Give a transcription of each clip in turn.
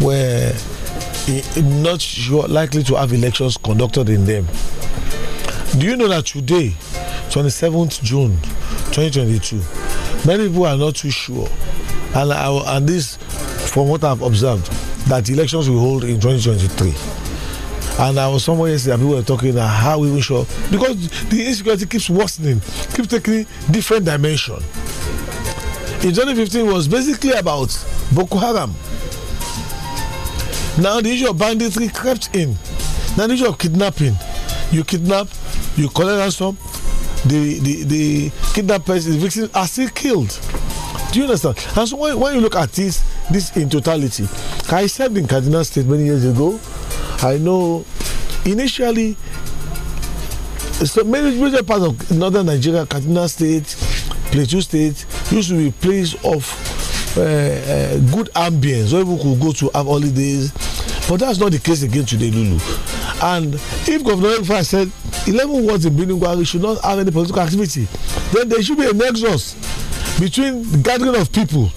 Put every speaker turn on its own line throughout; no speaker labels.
were not sure likely to have elections conducted in them. Do you know that today, 27th June 2022, many people are not too sure, and, I, and this, from what I've observed, that elections will hold in 2023 and I was somewhere yesterday people were talking about uh, how we will show because the insecurity keeps worsening keeps taking different dimension in 2015 was basically about Boko Haram now the issue of banditry crept in. Now the issue of kidnapping. You kidnap, you collect ransom, the the the kidnapped person, the victims are still killed. Do you understand? And so when, when you look at this this in totality, I said in Cardinal State many years ago, I know initially so many major parts of northern Nigeria, Kaduna State, Plateau State used to be place of uh, uh, good ambience where people could go to have holidays but that's not the case again today, Lulu. And if Governor Ekpa said 11 words in Bilinguari should not have any political activity, then there should be a nexus between the gathering of people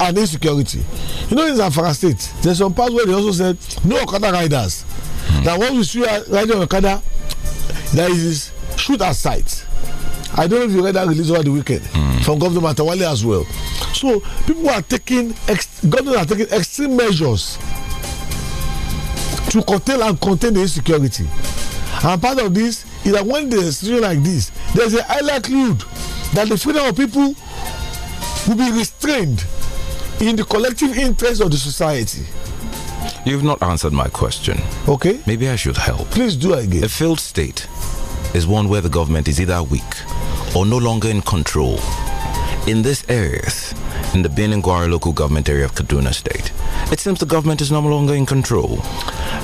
and insecurity. You know, in Zamfara State, there's some parts where they also said no Okada riders. Mm. That once we see a rider on Okada, there is shoot at sight. I don't know if you read that release over the weekend mm. from Governor Matawale as well. So people are taking ex government are taking extreme measures to curtail and contain the insecurity. And part of this is that when there's a situation like this, there's a high likelihood that the freedom of people will be restrained in the collective interest of the society.
You've not answered my question. Okay. Maybe I should help. Please do again. A failed state is one where the government is either weak or no longer in control in this areas in the Beningwari local government area of Kaduna State. It seems the government is no longer in control.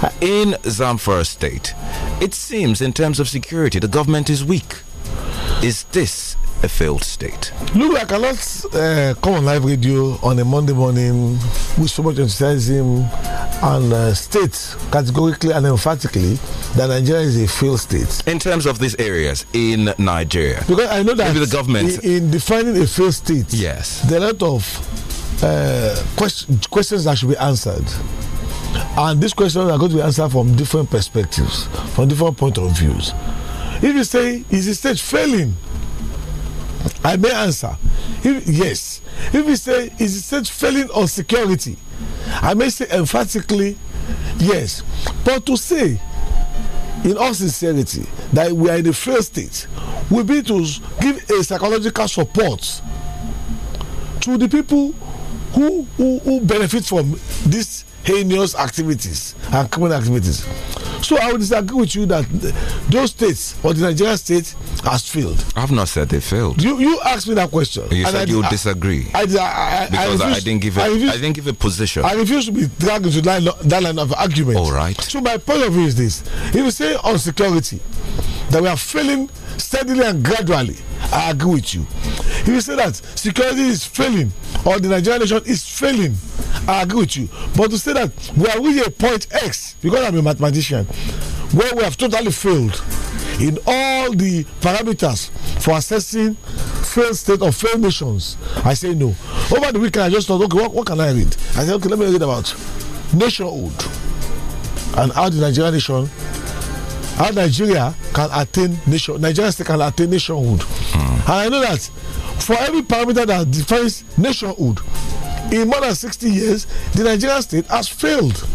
Uh, in Zamfara State, it seems in terms of security, the government is weak. Is this a failed state.
Look, I cannot uh, come on live radio on a Monday morning with so much enthusiasm and uh, state categorically and emphatically that Nigeria is a failed state. In terms of
these areas in Nigeria, because I know that the government in, in defining a failed state, yes,
there are a lot of uh, quest questions that should be answered. And these questions are going to be answered from different perspectives, from different point of views. If you say, is the state failing? I may answer. If, yes. If you say, is the state failing on security? I may say emphatically, yes. But to say, in all sincerity, that we are in the first state will be to give a psychological support to the people who, who, who benefit from these heinous activities and criminal activities. So I would disagree with you that those states or the Nigerian state has failed.
I've not said they failed.
You you asked me that question. You said I, you I, disagree. I, I because refuse, I, didn't give a, I, refuse, I didn't
give a position. I
refuse to be dragged into that, that line of argument. All right. So my point of view is this: if you say on security that we are failing steadily and gradually, I agree with you if you say that security is failing or the nigerian nation is failing i agree with you but to say that we are really a point x because i'm a mathematician where we have totally failed in all the parameters for assessing failed state or failed nations i say no over the weekend i just thought okay what, what can i read i said okay let me read about nationhood and how the nigerian nation how nigeria can attain nation nigeria state can attain nationhood mm. and i know that for every parameter that defines nationhood in more than 60 years the nigerian state has failed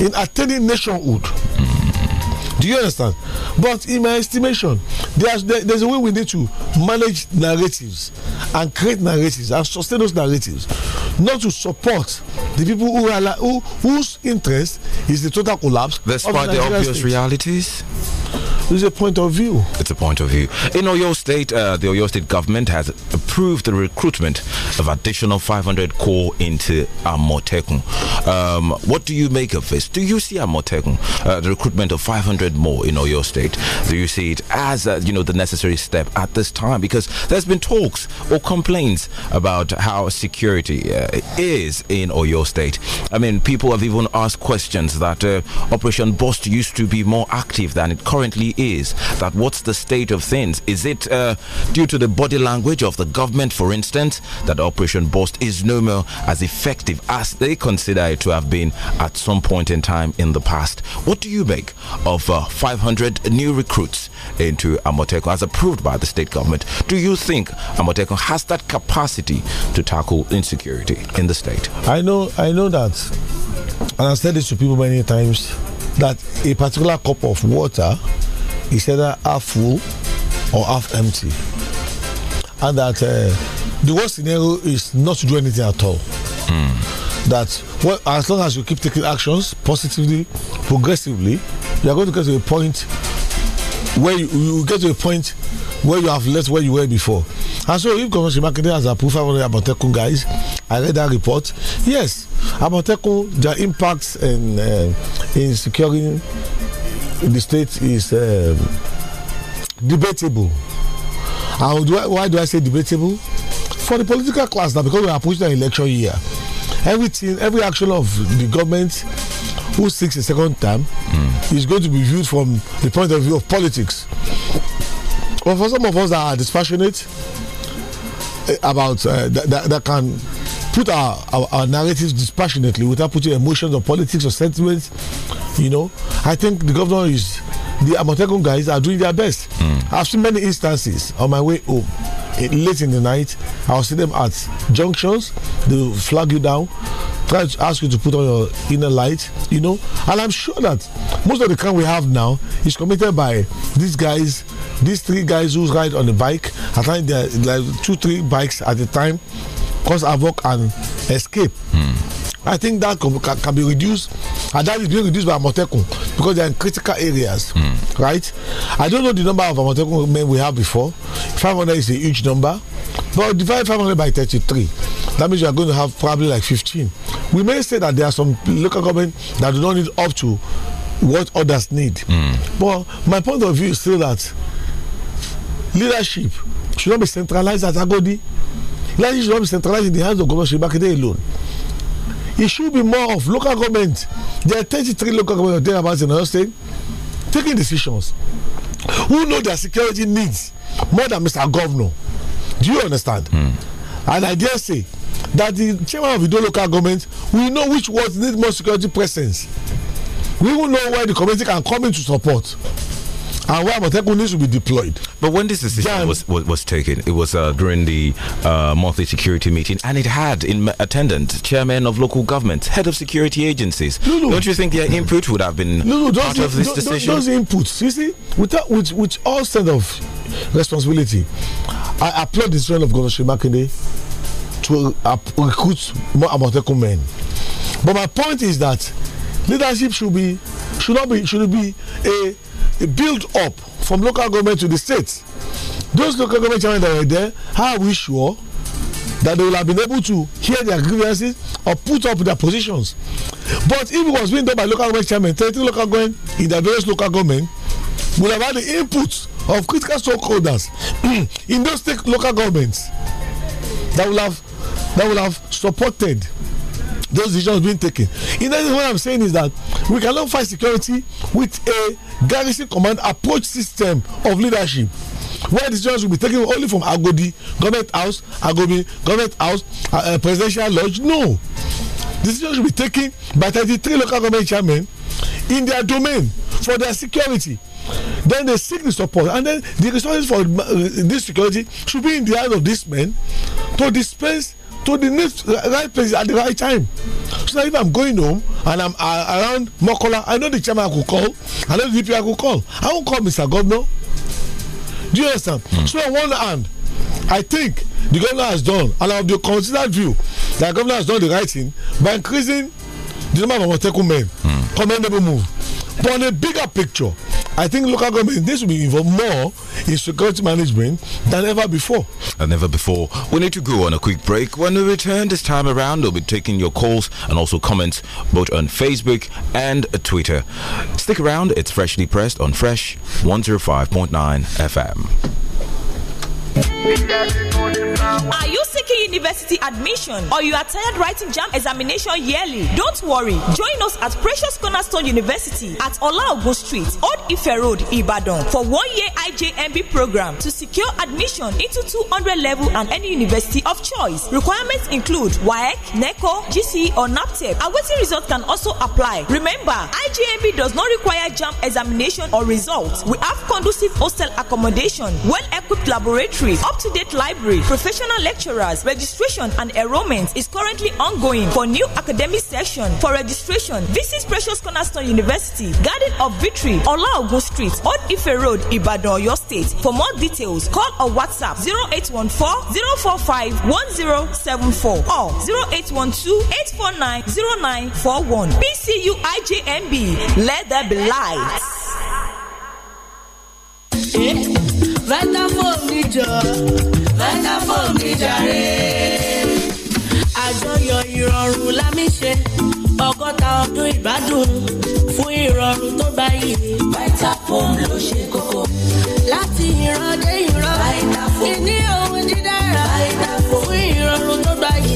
in attaining nationhood do you understand? But in my estimation, there's, there, there's a way we need to manage narratives and create narratives and sustain those narratives, not to support the people who are who, whose interest is the total collapse. Despite the, the obvious States. realities. It's a point of view. It's a point of view. In Oyo
State, uh, the Oyo State government has approved the recruitment of additional 500 corps into Amotekun. Um, what do you make of this? Do you see Amotekun, uh, the recruitment of 500 100 more in Oyo State? Do you see it as, uh, you know, the necessary step at this time? Because there's been talks or complaints about how security uh, is in Oyo State. I mean, people have even asked questions that uh, Operation Bust used to be more active than it currently is. That what's the state of things? Is it uh, due to the body language of the government, for instance, that Operation Bust is no more as effective as they consider it to have been at some point in time in the past? What do you make of uh, over 500 new recruits into Amoteco as approved by the state government. Do you think Amoteco has that capacity to tackle insecurity
in the state? I know, I know that, and I've said this to people many times that a particular cup of water is either half full or half empty, and that uh, the worst scenario is not to do anything at all. Mm that well, as long as you keep taking actions positively, progressively, you are going to get to a point where you, you get to a point where you have left where you were before. And so, if Commissioner Makinde has approved 500 Amotekun guys, I read that report. Yes, Amotekun, their impacts in, uh, in securing the state is um, debatable. And why do I say debatable? For the political class, now because we are approaching an election year everything, every action of the government who seeks a second term mm. is going to be viewed from the point of view of politics. But for some of us that are dispassionate eh, about uh, that, that, that, can put our, our, our, narratives dispassionately without putting emotions or politics or sentiments, you know, I think the governor is, the Amotekun guys are doing their best. Mm. I've seen many instances on my way home late in the night. I'll see them at junctions. They'll flag you down, try to ask you to put on your inner light, you know. And I'm sure that most of the crime we have now is committed by these guys, these three guys who ride on the bike. I think there are like two, three bikes at a time, cause havoc and escape. Mm. I think that can be reduced and that is being reduced by Amotekun because they are in critical areas, mm. right? I don't know the number of Amotekun men we have before. 500 is a huge number, but divide 500 by 33, that means you are going to have probably like 15. We may say that there are some local government that do not need up to what others need, mm. but my point of view is still that leadership should not be centralized at Agodi. Leadership should not be centralized in the hands of Governor Shibakide alone it should be more of local government there are thirty-three local government there about in oyo state taking decisions who know their security needs more than mr governor do you understand mm. and i dare say that the chairman of the local government we know which wards need more security presence we even know where the community can come in to support and why Amotekun needs to be deployed. But when this decision
was, was, was, taken, it was uh, during the uh, monthly security meeting, and it had in uh, attendance chairman of local governments, head of security agencies. No, no. Don't you think their input would have been
no, no, part of this those, decision? Those inputs, you see, with, that, with, with all sense of responsibility, I applaud the strength of Governor Shimakinde to uh, recruit more Amotekun men. But my point is that leadership should be should not be should be a build up from local government to the state those local government chairmen that were there how are we sure that they will have been able to hear their grievances or put up their positions but if it was being done by local government chairmen thirty local government in their various local government would have had the input of critical stakeholders in those state local governments that will have that would have supported those decisions being taken in essence what i'm saying is that we cannot fight security with a garrison command approach system of leadership where decisions will be taken only from agodi government house agobi government house uh, uh, presidential lodge no decisions will be taken by thirty-three local government chairmen in their domain for their security then they seek the support and then the resources for uh, this security should be in the hands of these men to dispense to the next right place at the right time so if i'm going home and i'm uh, around mokola i know the chairman i could call i know the dp i could call i won't call mr governor do you understand mm. so on one hand i think the governor has done and i have the considered view that governor has done the right thing by increasing the number of Moteku men mm. commendable move but on a bigger picture, I think local government This will be even more in security management than ever before.
Than ever before. We need to go on a quick break.
When we return this time around, we'll
be taking your calls and also comments both on Facebook and Twitter. Stick around, it's freshly pressed on Fresh 105.9 FM.
Are you seeking university admission or you are tired writing JAMB examination yearly? Don't worry. Join us at Precious Cornerstone University at Olaogun Street, Old Ife Road, Ibadan for one-year IJMB program to secure admission into 200 level and any university of choice. Requirements include WAEC, NECO, GC e, or NAPTEP. Awaiting results can also apply. Remember, IJMB does not require JAMB examination or results. We have conducive hostel accommodation, well-equipped laboratories, up-to-date library, professional professional lecturers. Registration and enrollment is currently ongoing for new academic session. For registration, visit Precious Cornerstone University, Garden of Victory, Olaogun Street, Old Ife Road, Ibadan, Oyo State. For more details, call or WhatsApp 0814-045-1074 or 0812-849-0941. PCU IJMB, let there be light. Eh? Vitafoam
níjọ vitafoam ní jàre. àjọyọ̀ ìrọ̀rùn lámì ṣe ọgọ́ta ọdún ìgbádùn fún ìrọ̀rùn tó báyìí. vitafoam ló ṣe kókó. láti ìran dé ìran ìní ohun dídára fún ìrọ̀rùn tó báyìí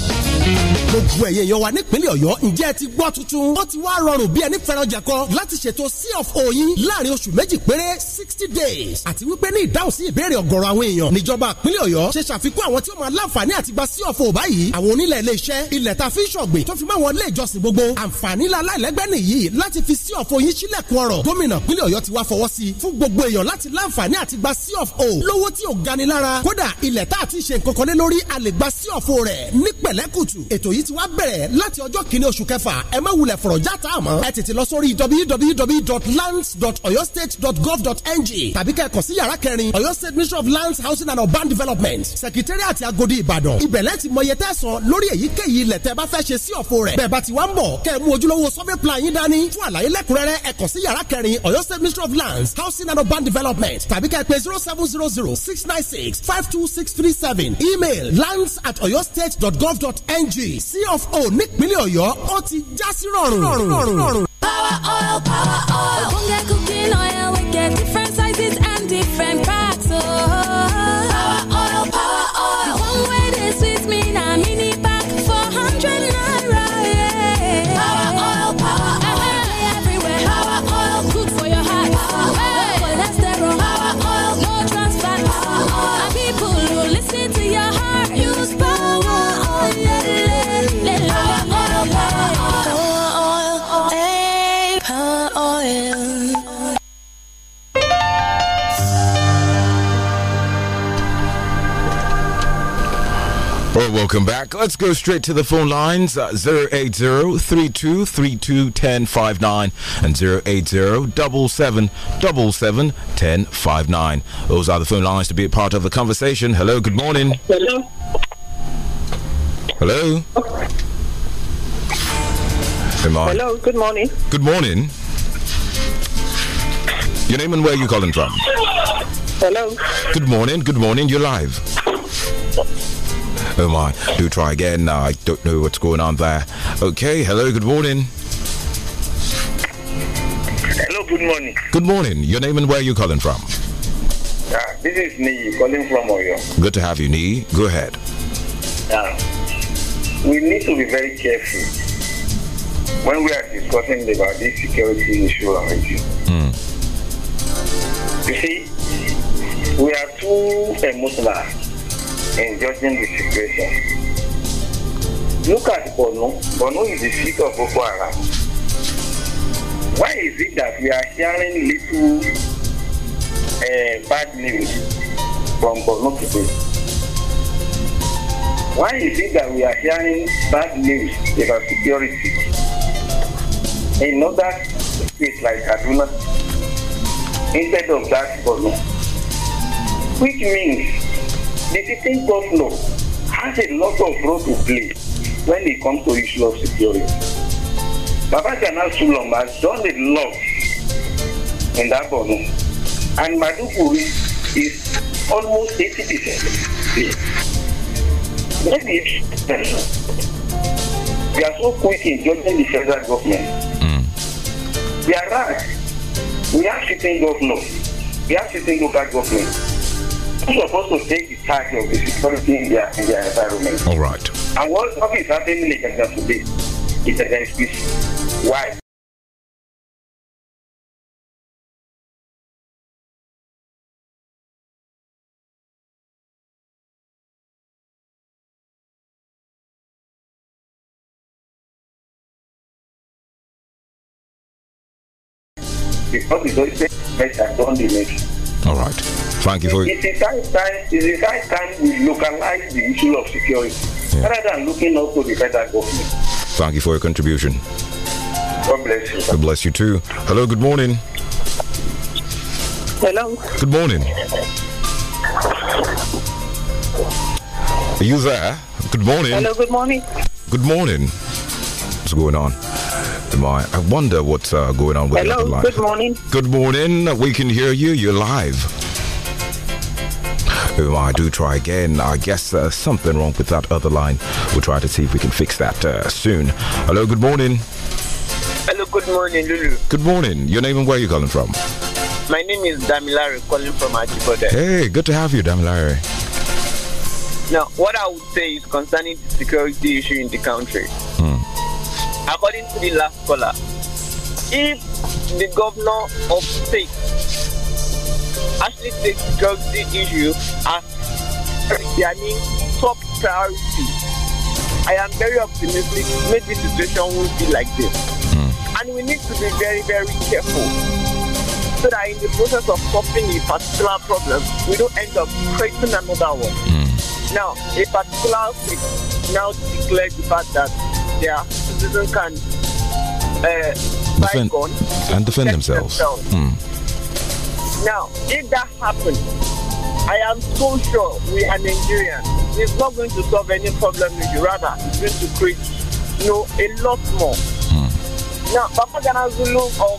gbogbo ẹ̀yẹ yọ wa nípínlẹ̀ ọ̀yọ́ ǹjẹ́ ti gbọ́ tuntun ó ti wá rọrùn bí ẹni fẹ́ràn jẹ kọ láti ṣètò sea of oyin láàrin oṣù méjì péré sixty days àti wípé ní ìdáhùn sí ìbéèrè ọ̀gọ̀rọ̀ àwọn èèyàn níjọba ìpínlẹ̀ ọ̀yọ́ ṣe ṣàfikún àwọn tí ó máa láǹfààní àti gba sea of o báyìí àwọn onílẹ̀ ilé iṣẹ́ ilẹ̀ ta fi ń ṣọ̀gbìn tó fi máa wọn ìjọsìn gbogbo àǹfààní láláìlẹ́gbẹ́ nìyí of oyin sílẹ̀kùn o lówó tí ò gani lára kódà ilẹ̀ tá àti of o rẹ̀ ní pẹ̀lẹ́kù kùtù ètò yìí ti wá bẹ̀rẹ̀ láti ọjọ́ kìíní oṣù kẹfà ẹ má wulẹ̀ fọ̀rọ̀ já tá a mọ̀ ẹ tètè lọ sórí www.lands.oyostate.gov.ng tàbí kẹ́ kàn sí yàrá kẹrin Ọ̀yọ́ State Ministry of Lands Housing and Urban Development Secretariat Agodi Ìbàdàn ìbẹ̀lẹ̀ ti mọye tẹ̀sán lórí èyíkéyìí ilẹ̀ tẹ́ bá fẹ́ ṣe sí ọ̀fọ̀ rẹ̀ bẹ́ẹ̀ bá ti wá ń bọ̀ kẹ́ mú ojúlówó survey plan yín dání fún àlàyé lẹ́kùnrẹ́rẹ́ ẹ kàn sí yàrá kẹrin Ọ̀yọ́ State Ministry of Lands Housing and Urban Development tàbí kẹ́ pé zero seven zero zero six nine six five two six three seven email lands at oyostate.gov.ng ng cfo nípínlẹ̀ ọ̀yọ́ ó ti já sí rọrùn.
power oil power oil ogbonge cooking oil we get different sizes and different packs. Oh.
right, welcome back. Let's go straight to the phone lines uh, 80 and 080-777-1059. Those are the phone lines to be a part of the conversation. Hello, good morning. Hello. Hello. Hello, good morning. Good morning. Your name and where you calling from?
Hello. Good
morning, good morning. You're live. Oh my, do try again. I don't know what's going on there. Okay, hello, good morning.
Hello, good morning.
Good morning. Your name and where are you calling from?
Uh, this is Nee calling from Oyo.
Good to have you, Nee. Go ahead.
Uh, we need to be very careful when we are discussing about this security issue already. Mm. You see, we are too emotional in judging the situation. Look at Borno. Borno is the seat of Boko Haram. Why is it that we are hearing little uh, bad news from Borno today? Why is it that we are hearing bad news about security? In other states like Kaduna, instead of that Borno, which means The sitting governor has a lot of role to play when it comes to issue of security. Babajana Sulom has done a lot in that Borno, and Madukuri is almost 80 percent.
Maybe it's
we are so quick in judging the federal government. Mm. We are right. We have sitting governors. We have sitting local government people are supposed to take the charge of the security in their, in their
environment. All right.
And what, what is happening in Nigeria today is against this. Why? Because it's always best and done the next.
All right. Thank you for
it. It's a high time, it's a high time we localize the issue of security yeah. rather than looking up to the federal government.
Thank you for your contribution.
God bless you.
God bless you too. Hello, good morning.
Hello.
Good morning.
Are you there? Good morning. Hello, good morning. Good morning. What's going on? My, I wonder what's uh, going on with Hello, the line. Good morning. Good morning. We can hear you. You're live. I do try again. I guess uh, something wrong with that other line. We'll try to see if we can fix that uh, soon. Hello, good morning.
Hello, good morning, Lulu.
Good morning. Your name and where are you calling from?
My name is Damilare, calling from Ajibode.
Hey, good to have you, Damilare.
Now, what I would say is concerning the security issue in the country. Hmm. According to the last caller, if the governor of state actually drugs drug issue as I main top priority. I am very optimistic maybe the situation won't be like this. Hmm. And we need to be very, very careful so that in the process of solving a particular problem, we don't end up creating another one.
Hmm.
Now, a particular state now declared the fact that their citizens can uh, defend, and defend themselves. themselves. Mm. Now, if that happens, I am so sure we are Nigerians. It's not going to solve any problem with you. Rather, it's going to create, you know, a lot more. Hmm. Now, Papa Ghana Zulu of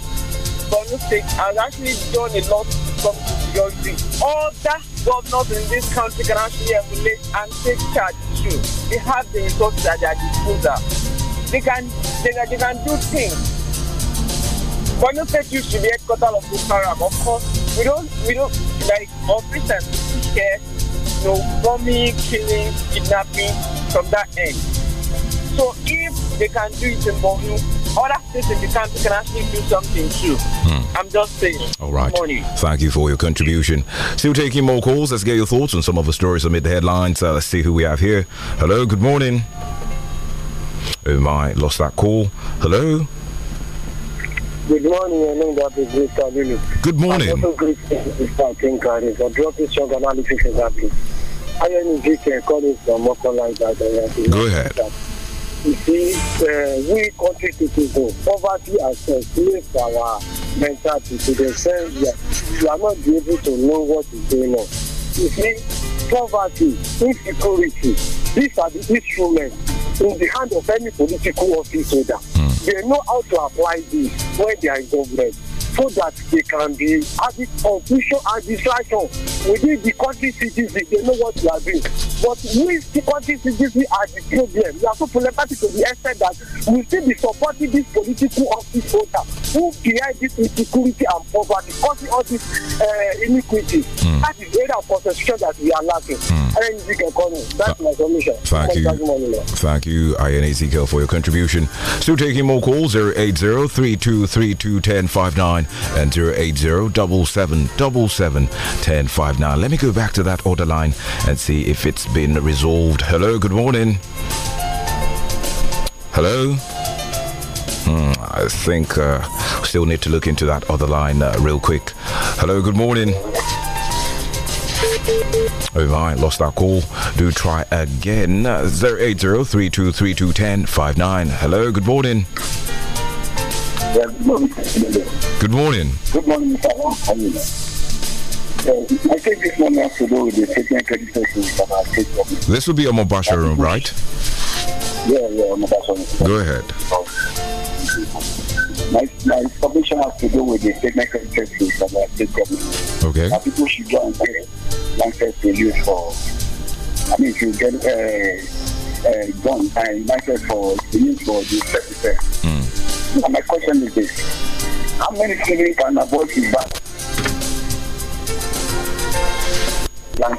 Borno State has actually done a lot from security. All that governors in this country can actually emulate and take charge too. They have the resources at their disposal. They can, they, they can do things. Borno State used to be headquarters of the of course we don't we don't like office and share you know bombing, killing, kidnapping from that end. So if they can do it in Borno, other states in the country can actually do something too. Mm. I'm just saying. All right. Morning.
Thank you for your contribution. Still taking more calls. Let's get your thoughts on some of the stories amid the headlines. Uh, let's see who we have here. Hello. Good morning. Oh my, lost that call. Hello.
Good morning, and then that is Mr. Lulu. Good morning. I'm also greeting Mr. Tinkaris. I'm dropping strong analysis in that piece. I am GK calling from Mokola that Go ahead. You see, uh, we country people, poverty has enslaved our mentality to the sense that you are not able to know what is going on. You see, poverty, insecurity, these are the instruments in the hand of any political office holder. Mm. They know how to apply this when they are in government so that they can be having confusion and distraction within the country citizens they know what they are doing but we the country citizens are the problem we are so problematic to the extent that we still be supporting this political office holder who create this insecurity and poverty causing all this uh, inequity mm. that is the area of concentration that we are lacking mm. and you can call me that's my commission. thank you
thank you Ian Ezekiel for your contribution still taking more calls 080 3232 and 80 Let me go back to that order line and see if it's been resolved. Hello, good morning. Hello? Hmm, I think uh, still need to look into that other line uh, real quick. Hello, good morning. Oh my, lost that call. Do try again. 080 Hello, good morning
good morning. Good morning. Mr. How are you? Uh, I think this morning has to do with the statement creditors from our state government.
This will be a Mobasha room, right?
Yeah, yeah, Mobasha Go ahead. My, my submission has to do with the statement creditors from our state government. Okay. Now people should go and pay lances to use for, I mean, if you get a uh, uh gun and lances for, use for the 30%. Mm. Now my question is this. How many children can abort in back? Like,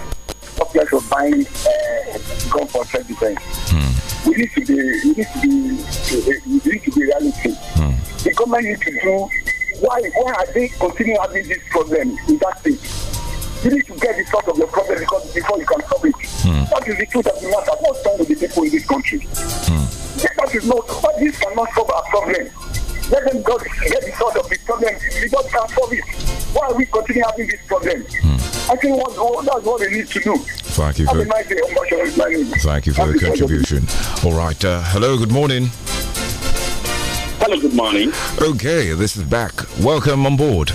object of buying uh, gun for self-defense. Mm. We need to be, we need to be, we need to be reality. Mm. The government needs to do, why, why are they continuing having this problem in that state? You need to get the sort of the problem because before you can solve it. Mm. That is the truth of the matter. What's wrong with the people in this country?
Mm
that is not, all this cannot solve our problem. Let them go get the sort of the problem. We just can solve it. Why are we continue having this problem? Hmm. I think what, what, that's what we need to do. Thank you for, Thank you for the contribution.
All right. Uh, hello, good morning. Hello, good morning. Okay, this is back. Welcome on board.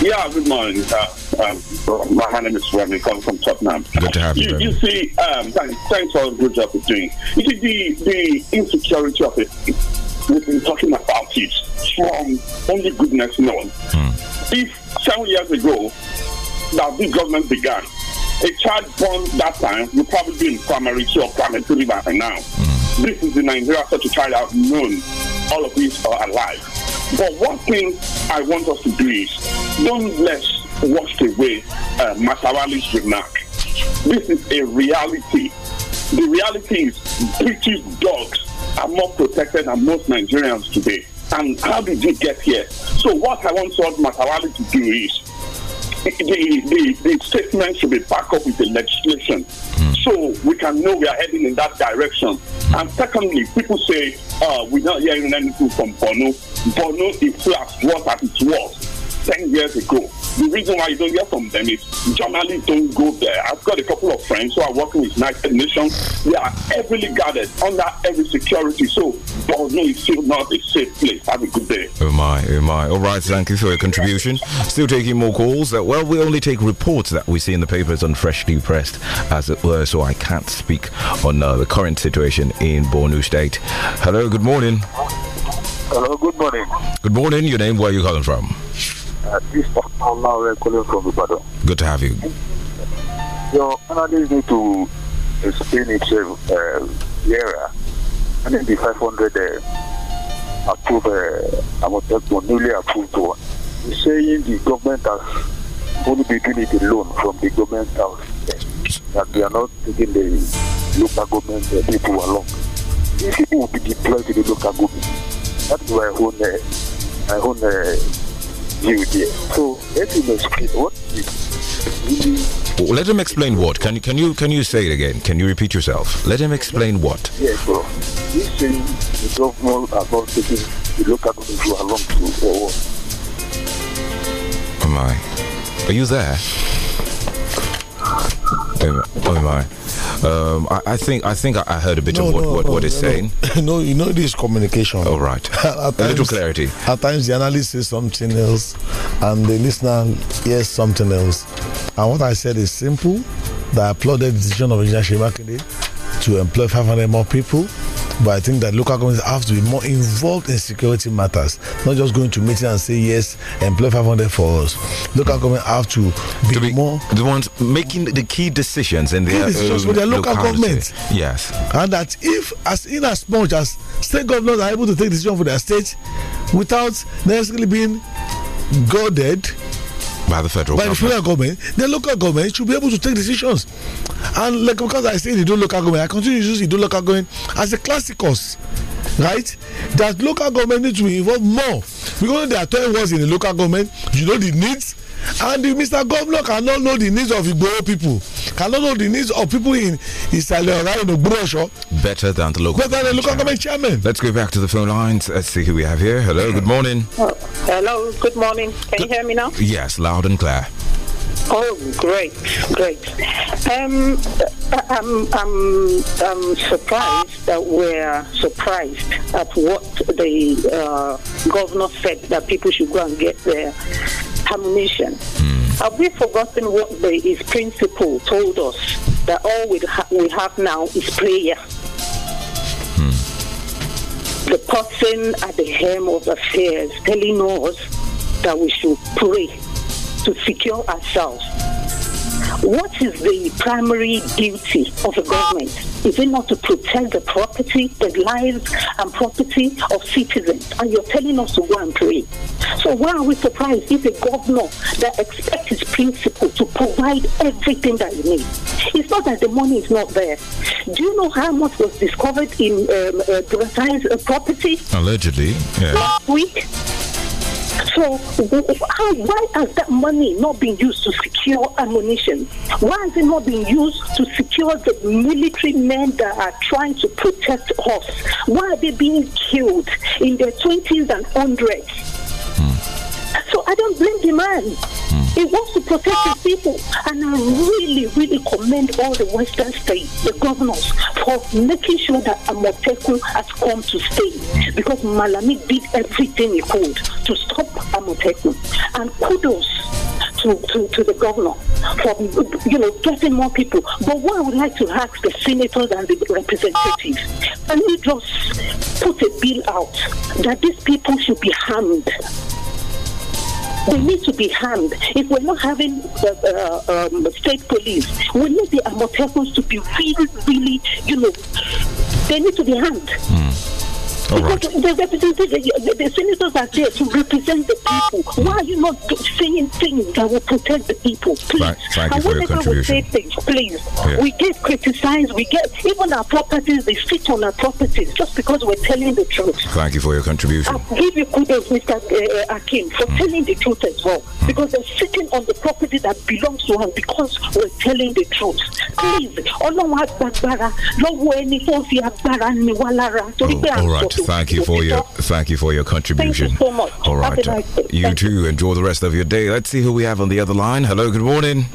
Yeah, good morning. Uh, um, my name is Remy, come from Tottenham. Good to have you. You, you see, um, thanks, thanks for the good job you're doing. You see, the, the insecurity of it, we've been talking about it from only goodness known.
Hmm.
If seven years ago that this government began, a child born that time would probably be in primary two or primary three by now. Hmm. This is the Nigeria such a child I've known. All of these are alive. But one thing I want us to do is don't let's wash away uh, remark. This is a reality. The reality is British dogs are more protected than most Nigerians today. And how did you get here? So what I want Sword Matawali to do is the, the, the statement should be backed up with the legislation mm. so we can know we are heading in that direction. Hmm. And secondly, people say, uh, we're not hearing anything from Bono. Bono is flat, what as it was 10 years ago. The reason why you don't hear from them is journalists don't go there. I've got a couple of friends who are working with United Nations. They are heavily guarded under every security. So Bosnia is still not a safe place. Have a good day.
Oh my, oh my. All right, thank you for your contribution. Still taking more calls. Uh, well, we only take reports that we see in the papers on freshly pressed, as it were. So I can't speak on uh, the current situation in Bornu State. Hello, good morning.
Hello, good morning.
Good morning. Your name? Where are you calling from?
this is calling from Ibadan. Good to have you. Your analysis need to explain itself uh, clearer. Uh, and then the 500 uh, approved, uh, Amotekmo, newly approved one, He's saying the government has only been doing it alone from the government house. Uh, that they are not taking the local government uh, people along. These people will be deployed to the local government. That's my own, uh, my own uh, you did. So let him explain what he
well, let him explain what. Can you can you can you say it again? Can you repeat yourself? Let him explain what.
Yes, bro. He's saying the government are not taking the local government to along to or what?
Am I? Are you there? Oh my. Um, I, I, think I think I heard a bit no, of what, no, what, no, what it's saying.
No, you know this communication. All oh, right. times, a little clarity. At times the analyst says something else, and the listener hears something else. And what I said is simple. That I applauded the decision of Engineer Shemakinde to employ 500 more people but I think that local governments have to be more involved in security matters, not just going to meetings and say yes, employ 500 for us. Local government have to be, to be more the ones making the
key decisions in their decisions own their local government. Yes,
and that if as in as much as state governors are able to take decisions for their state without necessarily being guarded
by the federal by government. the federal
government, the local government should be able to take decisions. And like because I say the do local government, I continue to use the do local government as a classicus, right? That local government needs to be involved more because there are telling what's in the local government. You know the needs and the mr governor cannot know the needs of igbo people cannot know the needs of people in isale ọ̀rá in ogbonoso.
better than the local
better than the local government
chairman. let's go back to the phone lines let's see who we have here hello good morning.
Oh, hello good morning
can good. you hear me now.
yes loud and clear.
Oh, great, great. Um, I'm, I'm, I'm surprised that we're surprised at what the uh, governor said that people should go and get their Hmm. Have we forgotten what the, his principle told us that all we, ha we have now is prayer? Hmm. The person at the helm of affairs telling us that we should pray to secure ourselves what is the primary duty of a government? Is it not to protect the property, the lives and property of citizens? And you're telling us to go and pray. So why are we surprised if a governor that expects his principal to provide everything that he needs? It's not that the money is not there. Do you know how much was discovered in um, uh, uh property?
Allegedly, yeah. Last
week. So how, why has that money not been used to secure ammunition? Why has it not been used to secure the military men that are trying to protect us? Why are they being killed in their 20s and 100s? I don't blame the man. He wants to protect his people. And I really, really commend all the Western states, the governors, for making sure that Amoteku has come to stay. Because Malami did everything he could to stop Amoteku. And kudos to, to, to the governor for you know getting more people. But what I would like to ask the senators and the representatives, can you just put a bill out that these people should be harmed we need to be hanged. If we're not having uh, uh, um, state police, we need the Amotekos to be really, really, you know, they need to be hanged.
Mm. All right. The,
the, the, the, senators are there to represent the people. Why are you not saying things that will protect the people, please? Thank you for your contribution. We say things, please. Yeah. We get criticized. We get even our properties. They sit on our properties just because we're telling the truth.
Thank you for your contribution.
I give you kudos, Mr. Uh, uh, Akin, for mm. telling the truth as well, mm. because they're sitting on the property that belongs to us because we're telling the truth. Please, Ọlọ́run agbára lọ́wọ́ ẹni tó fi agbára ni wá lára torí oh, pé à Thank you for
your thank you for your contribution. Thank you so much. All right. Nice you too. Enjoy the rest of your day. Let's see who we have on the other line. Hello. Good morning.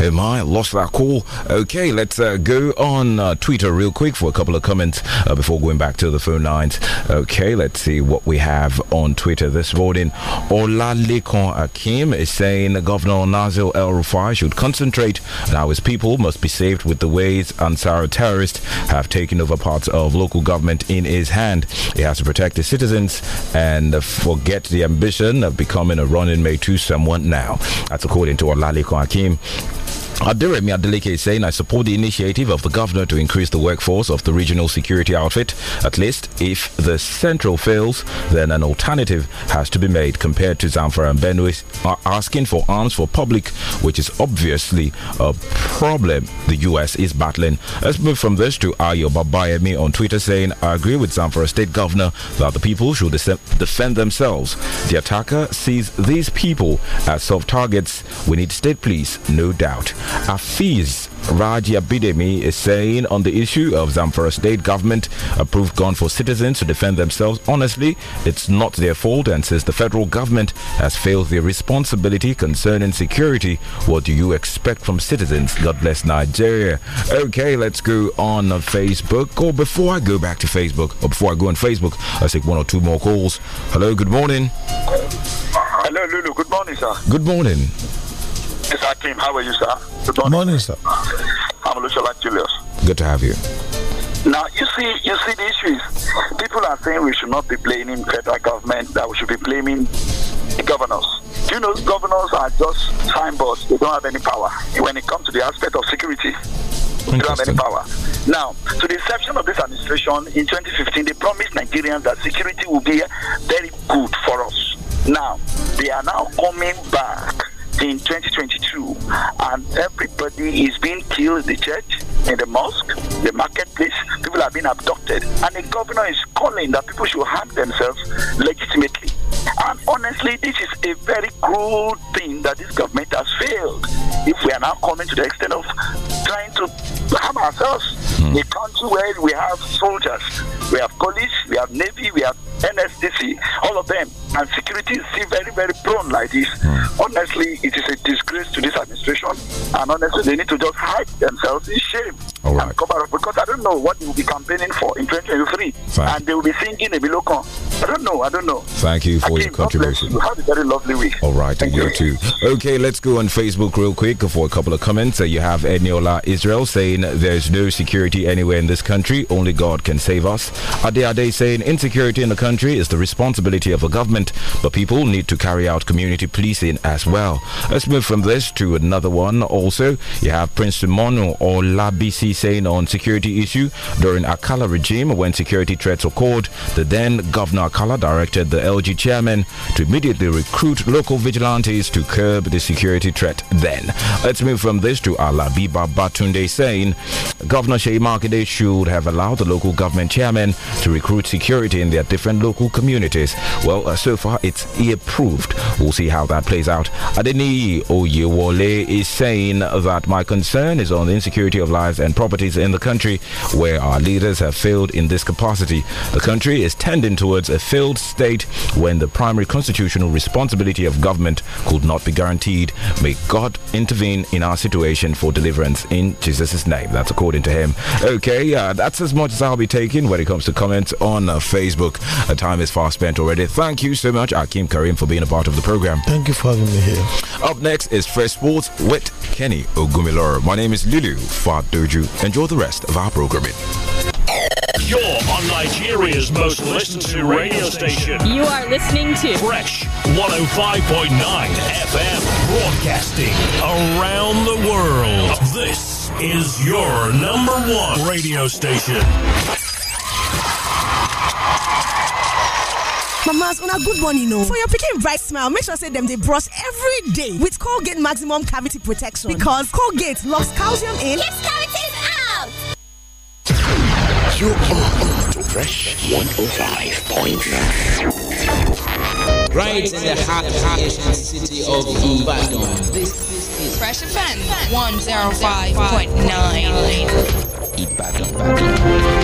Am I lost that call. Okay, let's uh, go on uh, Twitter real quick for a couple of comments uh, before going back to the phone lines. Okay, let's see what we have on Twitter this morning. Lekon Akim is saying Governor Nazil El Rufai should concentrate now. his people must be saved with the ways Ansara terrorists have taken over parts of local government in his hand. He has to protect his citizens and forget the ambition of becoming a running mate to someone now. That's according to Ola Lekon Akim. Adiremi Adeleke is saying, I support the initiative of the governor to increase the workforce of the regional security outfit. At least if the central fails, then an alternative has to be made compared to Zamfara and Benue are asking for arms for public, which is obviously a problem the U.S. is battling. Let's move from this to Ayo Babayemi on Twitter saying, I agree with Zamfara state governor that the people should defend themselves. The attacker sees these people as soft targets. We need state police, no doubt. Afiz Raji Abidemi is saying on the issue of Zamfara state government approved gun for citizens to defend themselves. Honestly, it's not their fault and says the federal government has failed their responsibility concerning security. What do you expect from citizens? God bless Nigeria. Okay, let's go on Facebook. Or before I go back to Facebook, or before I go on Facebook, I take one or two more calls. Hello, good morning.
Hello, Lulu. Good morning, sir. Good morning. Mr. Akim. How are you, sir? Good morning. morning, sir. I'm Lucia Julius. Good to have you. Now you see, you see the issues. People are saying we should not be blaming federal government; that we should be blaming governors. you know governors are just signboards; they don't have any power when it comes to the aspect of security. They don't have any power. Now, to the exception of this administration in 2015, they promised Nigerians that security will be very good for us. Now, they are now coming back in 2022, and everybody is being killed in the church, in the mosque, the marketplace. People are being abducted, and the governor is calling that people should harm themselves legitimately. And honestly, this is a very cruel thing that this government has failed. If we are now coming to the extent of trying to harm ourselves, mm. a country where we have soldiers, we have police, we have navy, we have NSDC, all of them, and security is still very, very prone like this. Mm. Honestly, it is a disgrace to this administration. And honestly, they need to just hide themselves in shame. All right. Because I don't know what you'll be campaigning for in 2023. Thank and they will be singing a below con. I don't know. I don't know.
Thank you for Again, your contribution. You.
Have a very lovely week.
All right. Thank you, you too. Okay, let's go on Facebook real quick for a couple of comments. Uh, you have Eniola Israel saying there's no security anywhere in this country. Only God can save us. Ade Ade saying insecurity in the country is the responsibility of the government, but people need to carry out community policing as well. Let's move from this to another one. Also, you have Prince Simono or Labisi saying on security issue during Akala regime when security threats occurred. The then Governor Akala directed the LG chairman to immediately recruit local vigilantes to curb the security threat then. Let's move from this to Alabiba Batunde saying Governor Shea Makinde should have allowed the local government chairman to recruit security in their different local communities. Well, uh, so far it's approved. We'll see how that plays out. Adeni Oyewole is saying that my concern is on the insecurity of lives and property properties in the country where our leaders have failed in this capacity. The country is tending towards a failed state when the primary constitutional responsibility of government could not be guaranteed. May God intervene in our situation for deliverance in Jesus' name. That's according to him. Okay, uh, that's as much as I'll be taking when it comes to comments on uh, Facebook. The uh, time is far spent already. Thank you so much, Akim Karim, for being a part of the program.
Thank you for having me here.
Up next is Fresh Sports with Kenny Ogumiloro. My name is Lulu Fadoju. Enjoy the rest of our programming.
You're on Nigeria's most listened to radio station. You are listening to Fresh 105.9 FM broadcasting around the world. This is your number one radio station.
Mamas, on a good morning, no. Oh. For your picking bright smile, make sure say them they brush every day with Colgate Maximum Cavity Protection because Colgate locks
calcium in. Yes,
you are to Fresh 105.9. Right in the heart of city of Ibadan. This
is Fresh Offense 105.9. Ibadan.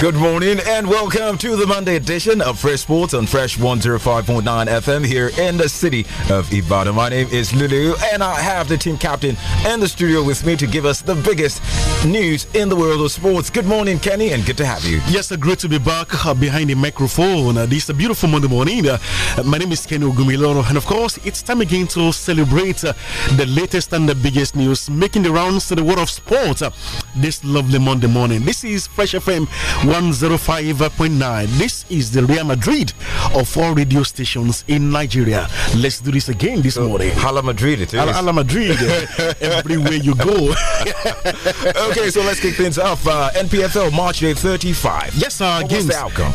Good morning and welcome to the Monday edition of Fresh Sports on Fresh 105.9 FM here in the city of Ibadan. My name is Lulu and I have the team captain in the studio with me to give us the biggest news in the world of sports. Good
morning, Kenny, and good to have you. Yes, great to be back uh, behind the microphone. Uh, this is a beautiful Monday morning. Uh, my name is Kenny Ogumiloro and of course, it's time again to celebrate uh, the latest and the biggest news making the rounds to the world of sport uh, this lovely Monday morning. This is Fresh FM 105.9. This is the Real Madrid of all radio stations in Nigeria. Let's do this again this so, morning. Hala Madrid, it is. Hala Madrid, eh? everywhere you go. okay, so let's kick things off. Uh,
NPFL March Day 35.
Yes, sir. Uh, games.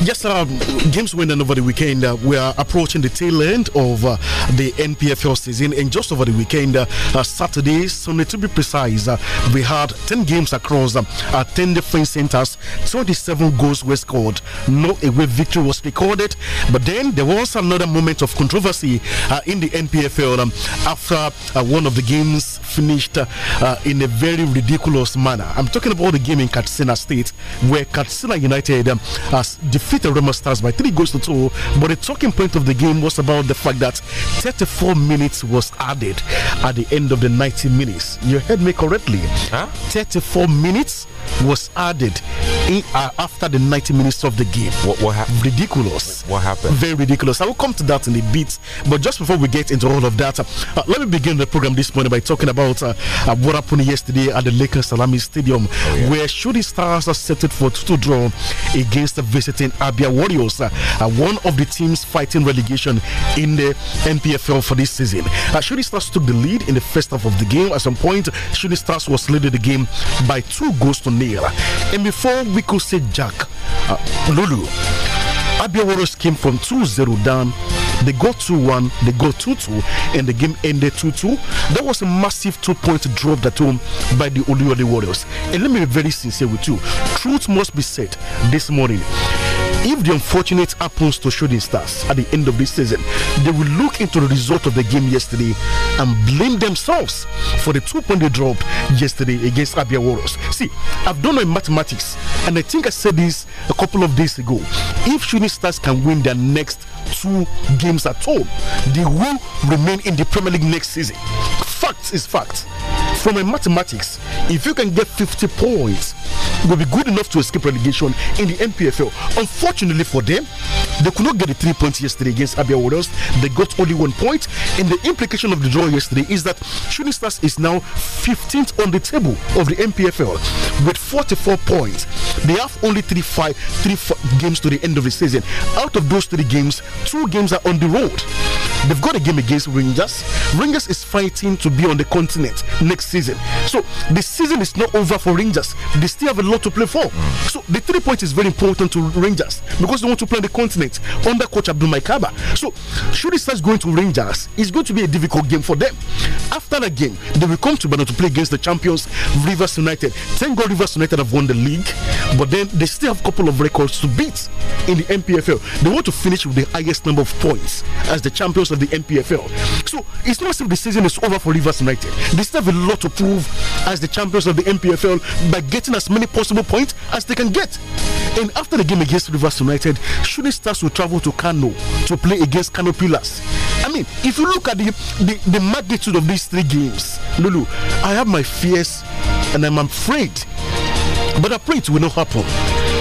Yes, sir. Uh, games went over the weekend. Uh, we are approaching the tail end of uh, the NPFL season, and just over the weekend, uh, Saturday, Sunday to be precise, we had 10 games across 10 different centers, 27 seven goals were scored. No away victory was recorded. But then there was another moment of controversy uh, in the NPFL um, after uh, one of the games finished uh, uh, in a very ridiculous manner. I'm talking about the game in Katsina State where Katsina United um, has defeated Roma Stars by three goals to two. But the talking point of the game was about the fact that 34 minutes was added at the end of the 90 minutes. You heard me correctly. Huh? 34 minutes was added in, uh, after the 90 minutes of the game. What, what happened? Ridiculous. What happened? Very ridiculous. I will come to that in a bit. But just before we get into all of that, uh, uh let me begin the program this morning by talking about uh, uh, what happened yesterday at the Lakers Salami Stadium, oh, yeah. where Shooting Stars set for 2 draw against the visiting Abia Warriors, uh, one of the teams fighting relegation in the NPFL for this season. Uh, Shooting Stars took the lead in the first half of the game. At some point, Shooting Stars was leading the game by two goals to naira. And before we could say Jack, uh, Lulu, Warriors came from 2-0 down. They got 2-1, they got 2-2, and the game ended 2-2. That was a massive two-point drop that home by the Oluyole Warriors. And let me be very sincere with you. Truth must be said this morning. If the unfortunate happens to shooting stars at the end of this season, they will look into the result of the game yesterday and blame themselves for the two point they dropped yesterday against Abia Warriors. See, I've done my mathematics, and I think I said this a couple of days ago. If shooting stars can win their next two games at home, they will remain in the Premier League next season. Fact is fact. From my mathematics, if you can get 50 points will be good enough to escape relegation in the NPFL. Unfortunately for them, they could not get the three points yesterday against Abia Warriors. They got only one point, point. and the implication of the draw yesterday is that Shooting Stars is now 15th on the table of the NPFL with 44 points. They have only three, five, three games to the end of the season. Out of those three games, two games are on the road. They've got a game against Rangers. Rangers is fighting to be on the continent next season. So the season is not over for Rangers. They still have a to play for. Mm. So the three points is very important to Rangers because they want to play the continent under coach Abdul Maikaba. So should he start going to Rangers, it's going to be a difficult game for them. After the game, they will come to Bano to play against the champions Rivers United. Thank God Rivers United have won the league, but then they still have a couple of records to beat in the MPFL. They want to finish with the highest number of points as the champions of the MPFL. So it's not as if the season is over for Rivers United. They still have a lot to prove as the champions of the MPFL by getting as many points possible point as they can get. And after the game against Rivers United, Shooting Stars will travel to Kano to play against Kano Pillars. I mean, if you look at the, the, the magnitude of these three games, Lulu, I have my fears and I'm afraid. But I pray it will not happen.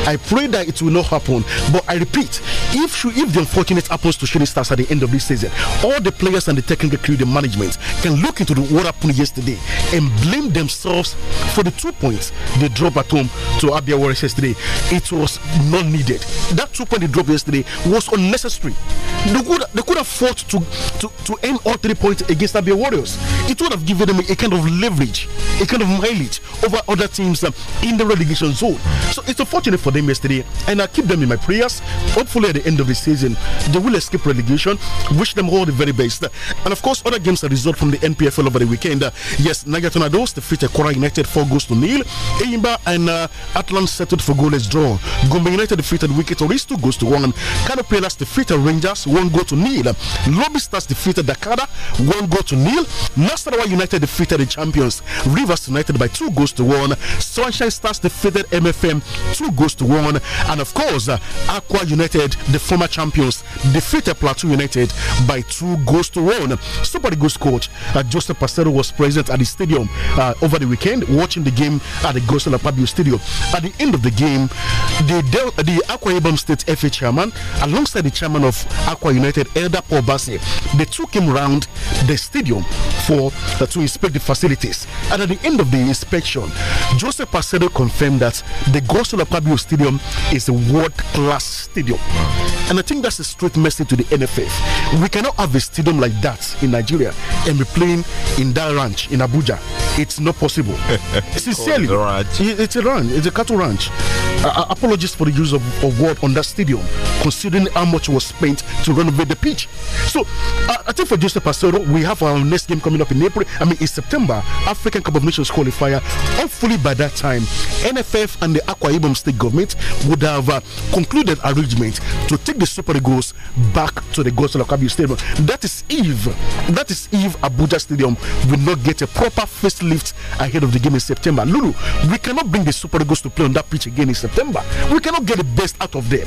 I pray that it will not happen. But I repeat, if if the unfortunate happens to Shooting Stars at the end of this season, all the players and the technical crew, the management, can look into the what happened yesterday and blame themselves for the two points they dropped at home to Abia Warriors yesterday, it was not needed. That two point they dropped yesterday was unnecessary. They could, they could have fought to, to, to end all three points against Abia Warriors. It would have given them a kind of leverage, a kind of mileage over other teams um, in the relegation zone. So it's unfortunate for them yesterday, and I keep them in my prayers. Hopefully, at the end of the season, they will escape relegation. Wish them all the very best. And of course, other games that result from the NPFL over the weekend. Yes, Niger Tornadoes defeated Kora United 4 score goes to nil. Eimba and uh, Atlant settled for goalless draw. Gombe United defeated Wicked. Oris two goals to one. Kano defeated Rangers one goal to nil. Lobby Stars defeated Dakada one goal to nil. Nasarawa United defeated the champions Rivers United by two goals to one. Sunshine Stars defeated MFM two goals to one. And of course, uh, Aqua United, the former champions, defeated Plateau United by two goals to one. Super Eagles coach uh, Joseph Pastero was present at the stadium uh, over the weekend. Watch watching the game at the Gosan Pabio Stadium. At the end of the game, the, Del the Aqua Ibom State FA chairman, alongside the chairman of Aqua United, Elder Paul Bassi, they took him round the stadium for uh, to inspect the facilities. And at the end of the inspection, Joseph Pacedo confirmed that the Gosan Pabio Stadium is a world class stadium. And I think that's a straight message to the NFF. We cannot have a stadium like that in Nigeria and be playing in that ranch in Abuja. It's not possible. Sincerely, it's a ranch. It's a cattle ranch. Uh, apologies for the use of, of word on that stadium, considering how much was spent to renovate the pitch. So uh, I think for Joseph Pastoro, we have our next game coming up in April. I mean, in September, African Cup of Nations qualifier. Hopefully, by that time, NFF and the Akwa Ibom State government would have uh, concluded arrangement to take the Super Eagles back to the Gosel Akabi Stadium. That is if that is if Abuja Stadium will not get a proper facelift ahead of the game in September. Lulu, we cannot bring the Super Eagles to play on that pitch again in September. We cannot get the best out of them.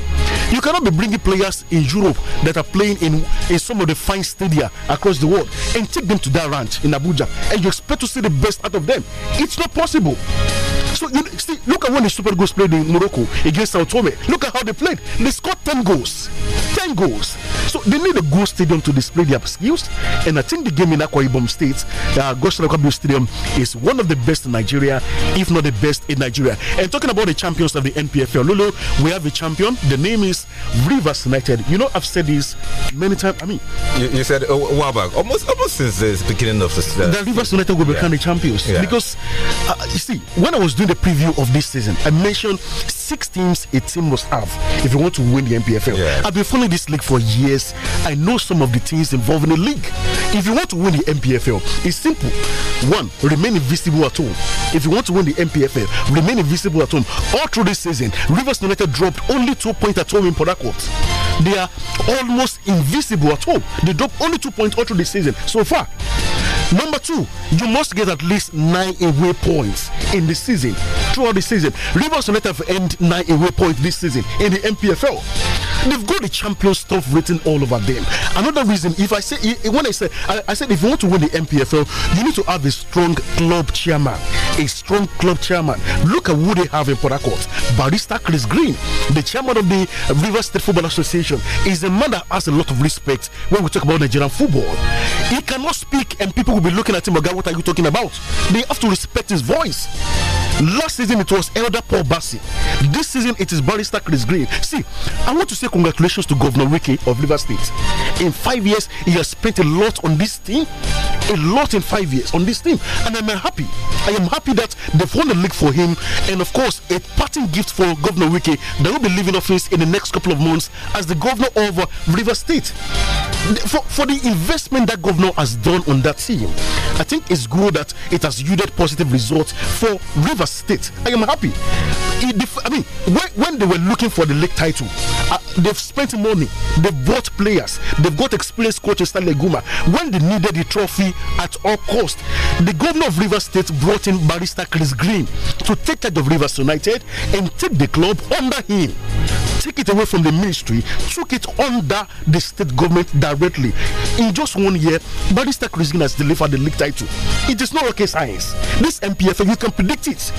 You cannot be bringing players in Europe that are playing in, in some of the fine stadia across the world and take them to that ranch in Abuja and you expect to see the best out of them. It's not possible. So you see, look at when the Super Eagles played in Morocco against Sao Tome. Look at how they played. They scored 10 goals. 10 goals. So they need a goal stadium to display their skills. And I think the game in Akwa Ibom State, uh, Gosh Stadium, is one of the best in Nigeria. Nigeria, if not the best in Nigeria. And talking about the champions of the NPFL, Lulu, we have a champion. The name is Rivers United. You know, I've said this many times. I mean,
you, you said oh, a while back, almost almost since the beginning of the season. Uh, the Rivers United will become yeah. the champions yeah.
because uh, you see, when I was doing the preview of this season, I mentioned six teams a team must have if you want to win the NPFL. Yeah. I've been following this league for years. I know some of the teams involved in the league. If you want to win the MPFL, it's simple. One, remain invisible at home. If you want to win the MPFL, remain invisible at home. All through this season, Rivers United dropped only two points at home in Port They are almost invisible at home. They dropped only two points all through the season so far. Number two, you must get at least nine away points in the season. Throughout the season, Rivers United have earned nine away points this season in the MPFL. They've got the champion stuff written all over them. Another reason, if I say when I said I, said if you want to win the MPFL, you need to have a strong club chairman, a strong club chairman. Look at who they have in Port Barista Chris Green, the chairman of the River State Football Association, is a man that has a lot of respect when we talk about Nigerian football. He can speak and people will be looking at him, God, what are you talking about? They have to respect his voice. Last season it was Elder Paul Bassi. This season it is Barrister Chris Green. See, I want to say congratulations to Governor Ricky of River State. In five years, he has spent a lot on this team. A lot in five years on this team. And I'm happy. I am happy that they've won the league for him. And of course, a parting gift for Governor Ricky that will be leaving office in the next couple of months as the governor of uh, River State. For, for the investment that governor has done on that team. I think it's good that it has yielded positive results for River State. I am happy. I mean, when, they were looking for the league title, uh, they've spent money, they've bought players, they've got experienced coaches Stanley Guma. When they needed the trophy at all cost, the governor of River State brought in barrister Chris Green to take charge of Rivers United and take the club under him. Take it away from the ministry, took it under the state government directly. In just one year, but Maurice Tekrizgin has delivered the league title. It is not rocket science. This MPFL, you can predict it.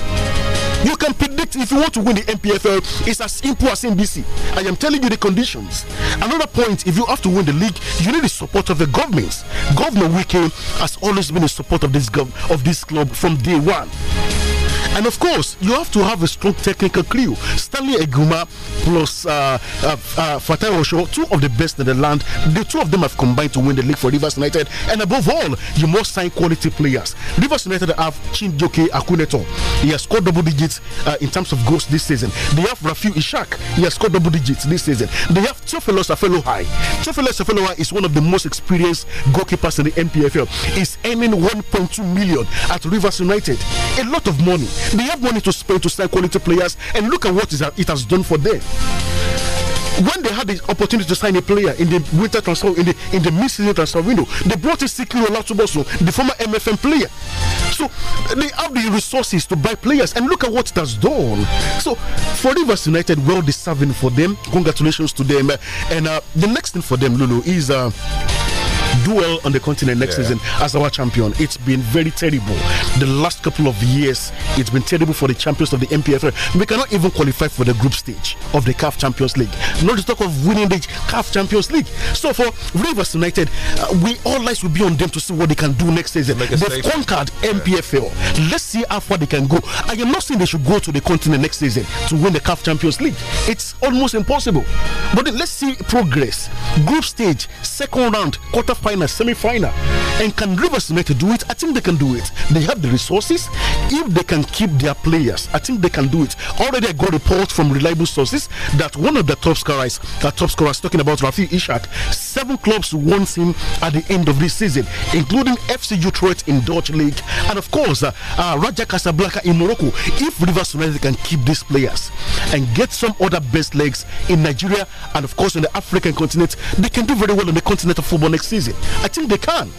You can predict if you want to win the MPFL, it's as simple as NBC. I am telling you the conditions. Another point, if you have to win the league, you need the support of the governments. Governor Wike has always been in support of this of this club from day one. And of course, you have to have a strong technical crew. Stanley Eguma plus uh, uh, uh, Osho, two of the best in the land. The two of them have combined to win the league for Rivers United. And above all, you must sign quality players. Rivers United have Chinjoke Akuneto. He has scored double digits uh, in terms of goals this season. They have Rafiu Ishak. He has scored double digits this season. They have Teofilo Safelohi. Teofilo Safelohi is one of the most experienced goalkeepers in the NPFL. He's earning 1.2 million at Rivers United. A lot of money. They have money to spend to sign quality players, and look at what it has done for them when they had the opportunity to sign a player in the winter transfer in the in the mid-season transfer window, they brought in Sikri Olatuboso, the former MFM player. So they have the resources to buy players, and look at what it has done. So for Rivers United, well deserving for them. Congratulations to them. And uh, the next thing for them, Lulu, is. Uh, do well on the continent next yeah. season as our champion. It's been very terrible. The last couple of years, it's been terrible for the champions of the MPFL. We cannot even qualify for the group stage of the CAF Champions League. Not to talk of winning the CAF Champions League. So for Rivers United, uh, we all eyes will be on them to see what they can do next season. They've conquered MPFL. Let's see how far they can go. I am not saying they should go to the continent next season to win the CAF Champions League. It's almost impossible. But let's see progress. Group stage, second round, quarter final final, semi final. And can Rivers United do it? I think they can do it. They have the resources. If they can keep their players, I think they can do it. Already, I got reports from reliable sources that one of the top scorers, the top scorers talking about Rafi Ishak, seven clubs want him at the end of this season, including FC Utrecht in Dutch League, and of course, uh, uh, Raja Casablanca in Morocco. If Rivers United can keep these players and get some other best legs in Nigeria and, of course, in the African continent, they can do very well on the continent of football next season. I think they can.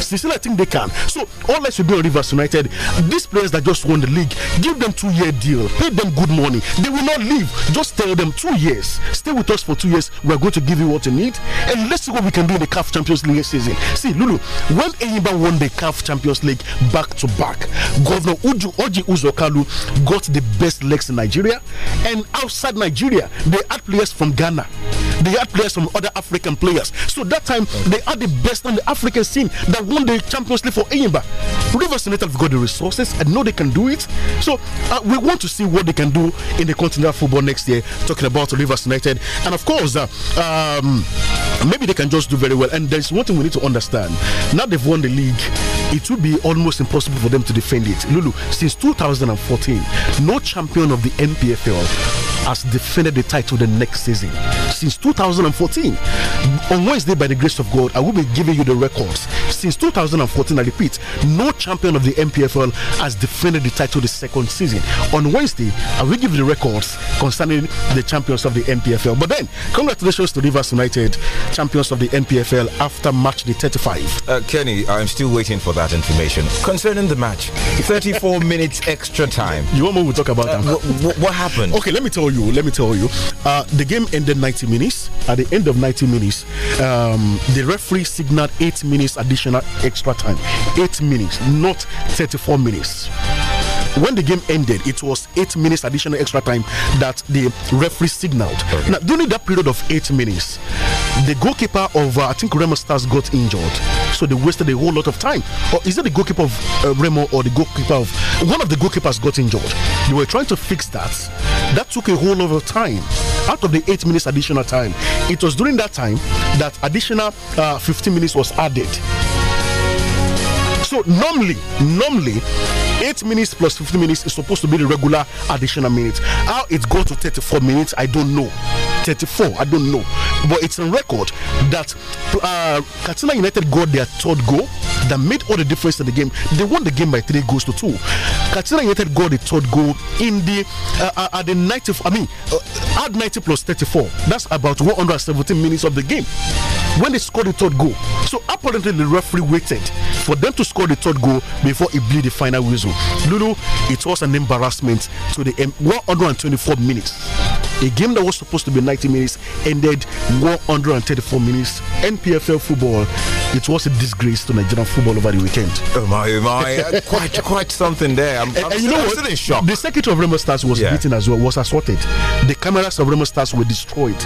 Cecilia, I think they can. So all that should be on Rivers United. These players that just won the league, give them two-year deal, pay them good money. They will not leave. Just tell them two years. Stay with us for two years. We are going to give you what you need, and let's see what we can do in the CAF Champions League season. See, Lulu, when Enyimba won the CAF Champions League back to back, Governor Uju Oji Uzokalu got the best legs in Nigeria, and outside Nigeria, they had players from Ghana, they had players from other African players. So that time they had the best on the African scene that won the Champions League for Enyimba. Rivers United have got the resources. and know they can do it. So uh, we want to see what they can do in the continental football next year. Talking about Rivers United, and of course, uh, um, maybe they can just do very well. And there's one thing we need to understand. Now they've won the league. It would be almost impossible for them to defend it. Lulu, since 2014, no champion of the NPFL has defended the title the next season since 2014. On Wednesday, by the grace of God, I will be giving you the records. Since 2014, I repeat, no champion of the MPFL has defended the title the second season. On Wednesday, I will give the records concerning the champions of the MPFL. But then, congratulations to Rivers United, champions of the MPFL after match day 35.
Uh, Kenny, I'm still waiting for that information. Concerning the match,
34 minutes extra time. You want more? to talk about uh, that? what happened? Okay, let me tell you you, let me tell you, uh, the game ended 90 minutes. At the end of 90 minutes, um, the referee signaled eight minutes additional extra time. Eight minutes, not 34 minutes when the game ended, it was eight minutes additional extra time that the referee signaled. Okay. Now, during that period of eight minutes, the goalkeeper of uh, I think Remo Stars got injured so they wasted a whole lot of time. Or is it the goalkeeper of uh, Remo or the goalkeeper of one of the goalkeepers got injured? They were trying to fix that. That took a whole lot of time. Out of the eight minutes additional time, it was during that time that additional uh, 15 minutes was added. So normally, normally, eight minutes plus 15 minutes is supposed to be the regular additional minutes. How it got to 34 minutes, I don't know. 34, I don't know. But it's on record that uh, Katsina United got their third goal that made all the difference in the game. They won the game by three goals to two. Katsina United got the third goal in the uh, uh at the 90. I mean, uh, at 90 plus 34. That's about 117 minutes of the game when they scored the third goal. So apparently the referee waited for them to score the third goal before he blew the final whistle. Lulu, it was an embarrassment to the 124 minutes. A game that was supposed to be 90 minutes ended 134 minutes. NPFL football, it was a disgrace to Nigerian football over the weekend.
Oh my, oh my. Uh, quite, quite something there. I'm, I'm and, still, you know I'm still
in shock. The secretary of Remo Stars was yeah. beaten as well, was assaulted. The cameras of Remo Stars were destroyed.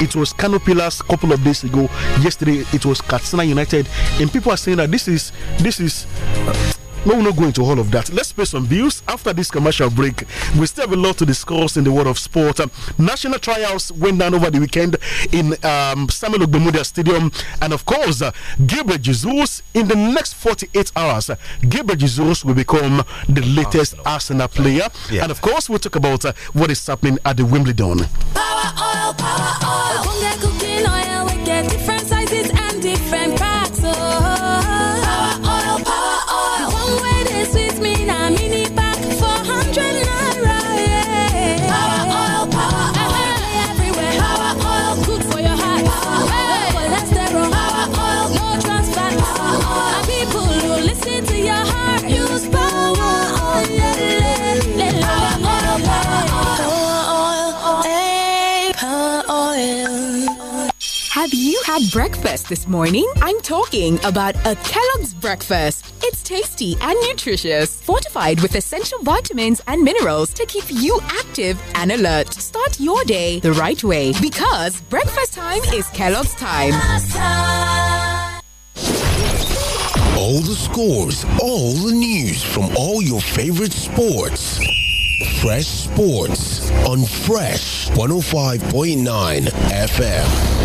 It was Canopilas a couple of days ago. Yesterday it was Katsina United, and people are saying that this is this is. Uh, no, we're not going to all of that. Let's pay some bills after this commercial break. We still have a lot to discuss in the world of sport. Um, national trials went down over the weekend in um, Samuel Ogbemudia Stadium. And of course, uh, Gabriel Jesus, in the next 48 hours, uh, Gabriel Jesus will become the latest Arsenal, Arsenal player. Yeah. And of course, we'll talk about uh, what is happening at the Wimbledon.
Power power oil. One get cooking oil, we get different.
had breakfast this morning? I'm talking about a Kellogg's breakfast. It's tasty and nutritious, fortified with essential vitamins and minerals to keep you active and alert. Start your day the right way because breakfast time is Kellogg's time.
All the scores, all the news from all your favorite sports. Fresh Sports on Fresh 105.9 FM.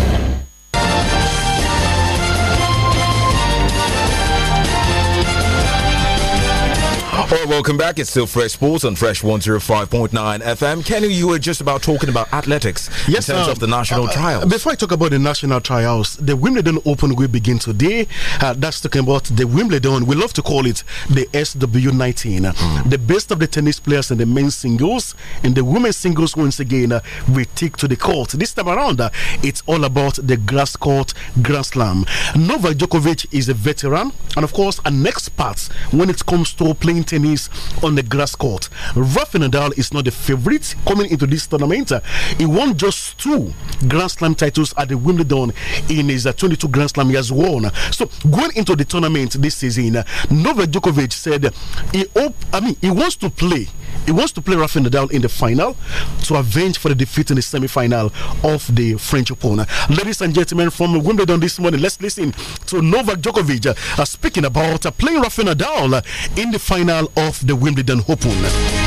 All right, welcome back. It's still Fresh Sports on Fresh 105.9 FM. Kenny, you were just about talking about athletics yes, in terms um, of the national uh, trials.
Uh, before I talk about the national trials, the Wimbledon Open will begin today. Uh, that's talking about the Wimbledon. We love to call it the SW19. Uh, mm. The best of the tennis players in the men's singles and the women's singles once again uh, will take to the court. This time around, uh, it's all about the grass court grand slam. Novak Djokovic is a veteran and, of course, an expert when it comes to playing tennis tennis on the grass court. Rafael Nadal is not the favorite coming into this tournament. He won just two Grand Slam titles at the Wimbledon in his uh, 22 Grand Slam he has won. So going into the tournament this season, Novak Djokovic said he hope I mean he wants to play he wants to play Rafa Nadal in the final to avenge for the defeat in the semi final of the French Open. Ladies and gentlemen, from Wimbledon this morning, let's listen to Novak Djokovic uh, speaking about uh, playing Rafa Nadal in the
final of the Wimbledon Open.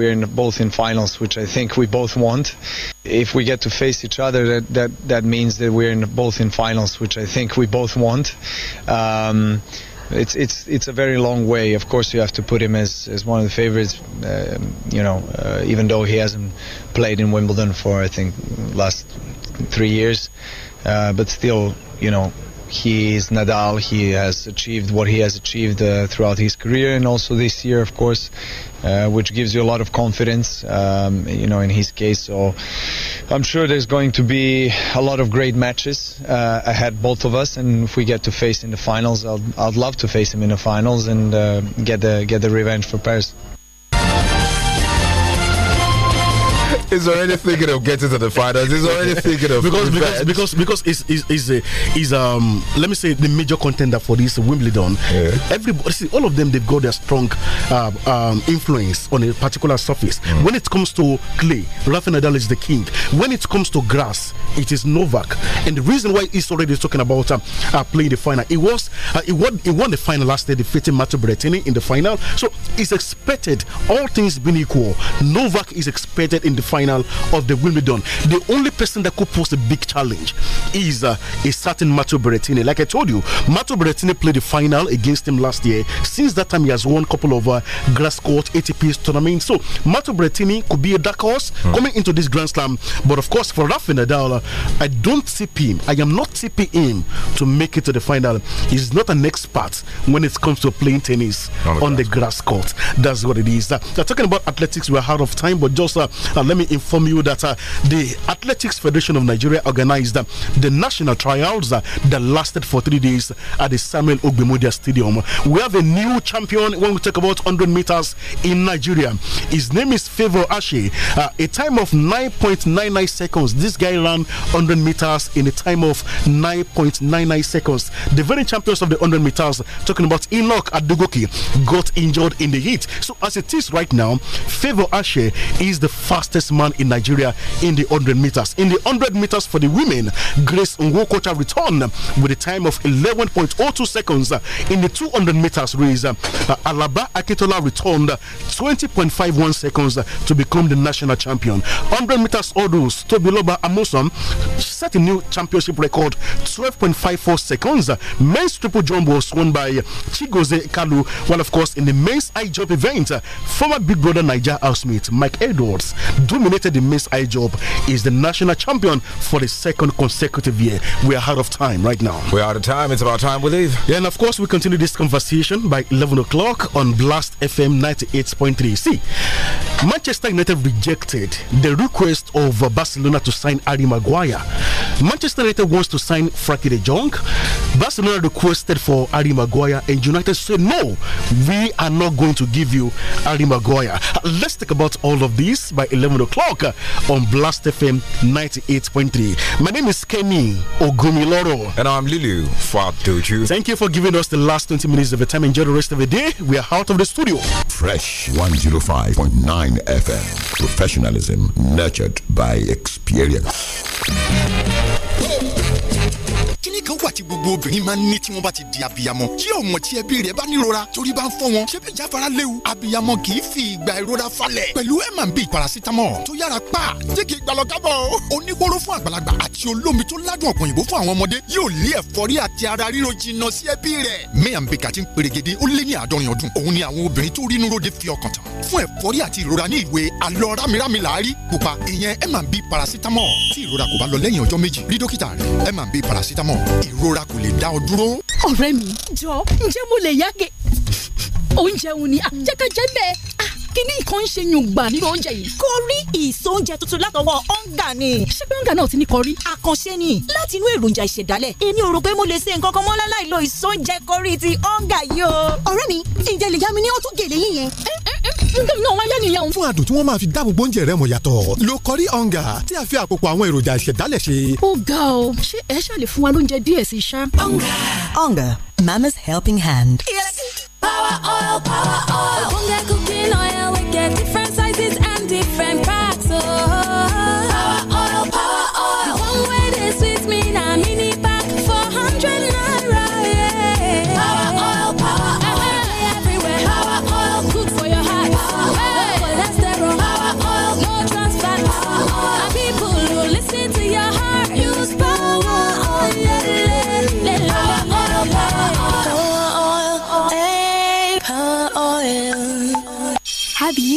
we're in, both in finals, which I think we both want. If we get to face each other, that that, that means that we're in, both in finals, which I think we both want. Um, it's it's it's a very long way. Of course, you have to put him as, as one of the favorites. Uh, you know, uh, even though he hasn't played in Wimbledon for I think last three years, uh, but still, you know, he is Nadal. He has achieved what he has achieved uh, throughout his career and also this year, of course, uh, which gives you a lot of confidence, um, you know, in his case. So I'm sure there's going to be a lot of great matches uh, ahead, both of us. And if we get to face in the finals, I'd, I'd love to face him in the finals and uh, get the get the revenge for Paris.
He's
already thinking of getting to the finals. He's already thinking of
because revenge. because because because is is is um let me say the major contender for this Wimbledon. Yeah. Everybody, see, all of them, they've got their strong uh, um, influence on a particular surface. Mm. When it comes to clay, Rafael Nadal is the king. When it comes to grass, it is Novak. And the reason why he's already talking about um, uh, playing the final, it was uh, it won it won the final last year, defeating Matteo Berrettini in the final. So it's expected, all things being equal, Novak is expected in the final final of the Wimbledon. The only person that could pose a big challenge is uh, a certain Matteo Berrettini. Like I told you, Matteo Berrettini played the final against him last year. Since that time, he has won a couple of uh, grass court ATP tournaments. So Matteo Berrettini could be a dark horse mm. coming into this Grand Slam. But of course, for Rafa Nadal, uh, I don't tip him. I am not tipping him to make it to the final. He's not an expert when it comes to playing tennis on the, on grass. the grass court. That's what it is. Uh, talking about athletics, we're out of time, but just uh, uh, let me inform you that uh, the Athletics Federation of Nigeria organized uh, the national trials uh, that lasted for three days at the Samuel Ogbemodia Stadium. We have a new champion when we talk about 100 meters in Nigeria. His name is Favor Ashe. Uh, a time of 9.99 seconds. This guy ran 100 meters in a time of 9.99 seconds. The very champions of the 100 meters, talking about Enoch Adugoki, got injured in the heat. So as it is right now, Favor Ashe is the fastest man in Nigeria in the 100 meters. In the 100 meters for the women, Grace Nwokocha returned with a time of 11.02 seconds. In the 200 meters race, uh, Alaba Aketola returned 20.51 seconds to become the national champion. 100 meters hurdles, Tobiloba Amosom set a new championship record 12.54 seconds. Men's triple jump was won by Chigoze Kalu, while of course in the men's high jump event, former Big Brother Niger housemate Mike Edwards eliminated the Miss Eye job, is the national champion for the second consecutive year. We are out of time right now. We're out of time. It's about time we leave. Yeah, and of course, we continue this conversation by 11 o'clock on Blast FM 98.3. See, Manchester United rejected the request of Barcelona to sign Ari Maguire. Manchester United wants to sign Frankie de Jong. Barcelona requested for Ari Maguire, and United said, No, we are not going to give you Ari Maguire. Let's talk about all of this by 11 o'clock o'clock on Blast FM 98.3. My name is Kenny Ogumiloro. And I'm Lulu Fatoju. Thank you for giving us the last 20 minutes of the time. Enjoy the rest of the day. We are out of the studio.
Fresh 105.9 FM. Professionalism nurtured
by experience.
kíní kan wà tí gbogbo obìnrin máa ń ní tí wọ́n bá ti di abiyamọ tí ọmọ tí ẹbí rẹ̀ bá nírora torí bá ń fọ́ wọn ṣebí jáfara léwu abiyamọ kì í fi ìgbà ìrora falẹ̀ pẹ̀lú M&B paracetamol tó yára pa tí kì í gbalọ̀ kábọ̀ oníkóró fún àgbàlagbà àti olómi tó ládùn ọ̀pọ̀ òyìnbó fún àwọn ọmọdé yóò lé ẹ̀fọ́rí àti ara ríro jìnnà sí ẹbí rẹ̀ M&B kàti ń perégedé ó lé ní àádọ́rin ọdún òun ni àwọn obìnrin tó rínú ròde fi ọkàn tán fún ẹ̀fọ́rí àti ìrora ní ìwé alọ́ rámirámi làárí pupa ìyẹn M&B paracetamol tí ìrora kò bá lọ lẹ́yìn ọjọ́ méjì rí dókítà rẹ̀ M&B paracetamol mọ̀ ìrora kò lè dá ọ dúró.
ọ̀rẹ́ mi jọ ǹjẹ́ mo lè yáge oúnjẹ òun ni àjẹkẹjẹ ah, bẹ́ẹ̀ ah, kíní nǹkan ń ṣe yùngbà nínú oúnjẹ yìí. kọrí ìsọ oúnjẹ tuntun
látọwọ́ ọ̀ǹgà ni. ṣé pé ọ̀ǹgà náà ti ní kọrí. àkànṣe ni láti inú èròjà ìṣẹ̀dálẹ̀ èmi ò rò pé mo lè ṣe nǹkan kan mọ́ láláì lo ìsọ oúnjẹ kọrí ti ọ̀ǹgà yìí o. ọ̀rẹ́ mi ǹjẹ́ lè yá mi ní ọtún gèlè yín yẹn. ẹ náà wáyé nìyẹn.
fún àdùn tí wọ́n máa fi dáàbò bóúnjẹ rẹ mọ̀ yàtọ̀ lo kọrí ọ̀ǹgà tí a fi àpòpọ̀ àwọn èròjà ìṣẹ̀dálẹ̀ ṣe.
ó ga o ṣé ẹ ṣàlè fún wa lóúnjẹ díẹ̀ sí i ṣá. ọ̀ǹgà ọ̀ǹgà mama's helping hand.
yes power oil power oil.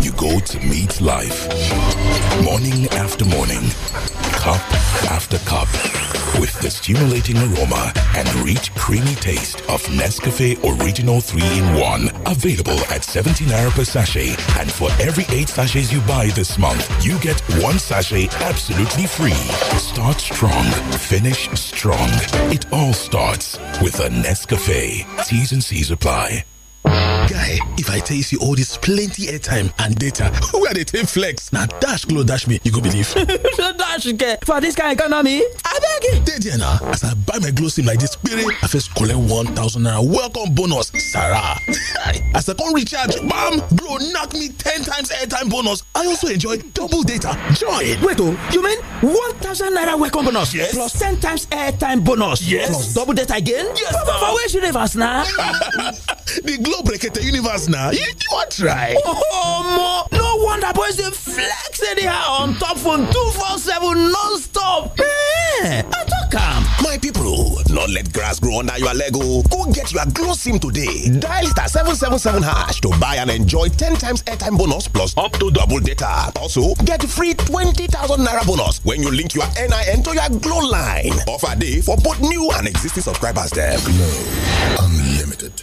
you go to meet life. Morning after morning, cup after cup, with the stimulating aroma and rich, creamy taste of Nescafe Original 3 in 1. Available at 17 naira per sachet. And for every 8 sachets you buy this month, you get 1 sachet absolutely free. Start strong, finish strong. It all starts with a Nescafe. T's and C's apply guy if i tell you all this plenty airtime and data who are they take flex Now dash
glow dash me you go believe
no dash get for dis kain economy abeg e dey there na
as i buy my glow sim like this period, i first collect one thousand naira welcome bonus sarah as i come recharge bam glow knock me ten times airtime bonus i also enjoy double
data join wait oh, you mean one thousand naira welcome bonus yes plus ten times airtime bonus yes plus double data again yes for where she live as now? the glow break globe the universe now. you wan try? omo no wonder boys dey flex anyhow on top phone 247 non-stop Hey,
eh, i tok am my people, not let grass grow under your lego. Oh. go get your glow sim today dial star 777 hash to buy and enjoy 10 times airtime bonus plus up to double data also get free 20000 naira bonus when you link your nin to your glow line offer day for both new and existing subscribers dem glow unlimited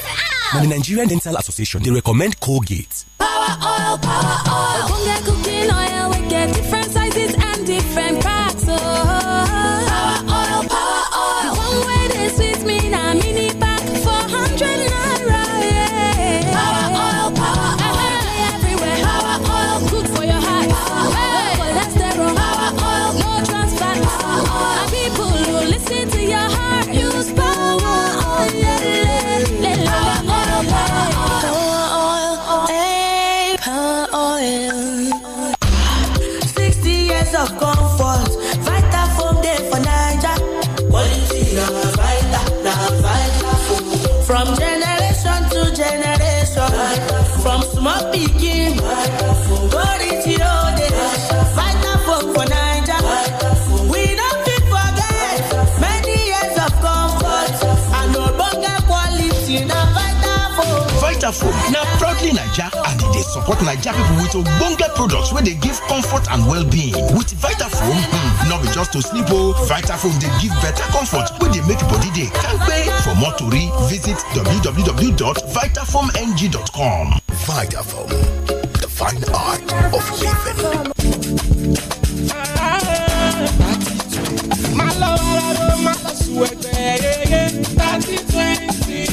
now, the Nigerian Dental Association, they recommend Colgate.
Power oil, power oil.
Vita phone na proudly naija and they support naija people with ogbonge products where they give comfort and well-being. With Vitafoam phone hmm, no be just to sleep oh Vitafoam they give better
comfort where they make body day. Can't kampe. For more tori, visit www.vitafoamng.com. Vitafoam, the fine art
of living. My love, my
love, my love,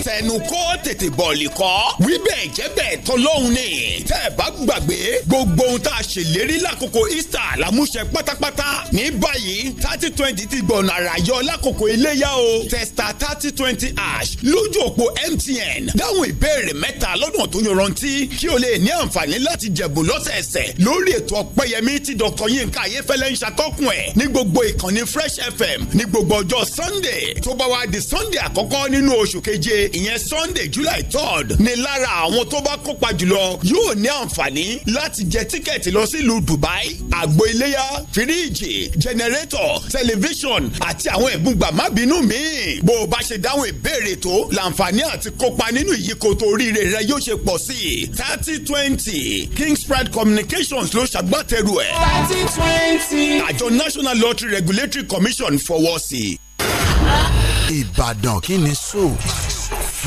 àtẹnu kó tètè bọ̀ lìkọ́. wí bẹ́ẹ̀ jẹ́ bẹ́ẹ̀ tán lọ́hùn ni. tẹ́ ẹ bá gbàgbé gbogbo ohun tá a ṣèlérí lákòókò Easter làmúṣẹ pátápátá. ní báyìí thirty twenty ti gbọ̀nà àràyọ lákòókò iléyà o. testa thirty twenty ash lójú òpó MTN dáhùn ìbéèrè mẹ́ta lọ́dún tó yọrantí kí o lè ní àǹfààní láti jẹ̀bù lọ́sẹ̀ẹsẹ̀ lórí ètò ọ̀pẹ́yẹmí tí Dr. Yinka Ayéfẹ́lẹ́ ń ṣàtọ́kùn ẹ̀ ní gbogbo ìkànnì Fresh FM ní gbogbo ọjọ́ Sunday tó bá wá di Sunday àkọ́kọ́ nínú oṣù keje ìyẹn sunday july third ni lára àwọn tó bá kópa jùlọ yóò ní àǹfààní láti jẹ tíkẹ́ẹ̀tì lọ sílùú dubai àgbo iléyà fíríìjì jẹnẹrétọ̀ tẹlifíṣọ̀n àti àwọn ẹ̀bùn gbàmábínú míì bó o bá ṣe dáhùn ìbéèrè tó làǹfààní àti kópa nínú ìyíkoto oríire rẹ yóò ṣe pọ̀ sí i thirty twenty kingspride communications ló ṣàgbátẹrù ẹ̀. thirty twenty. àjọ national lottery regulatory commission fọwọ́ sí i. ìbàdàn kí ni sóò.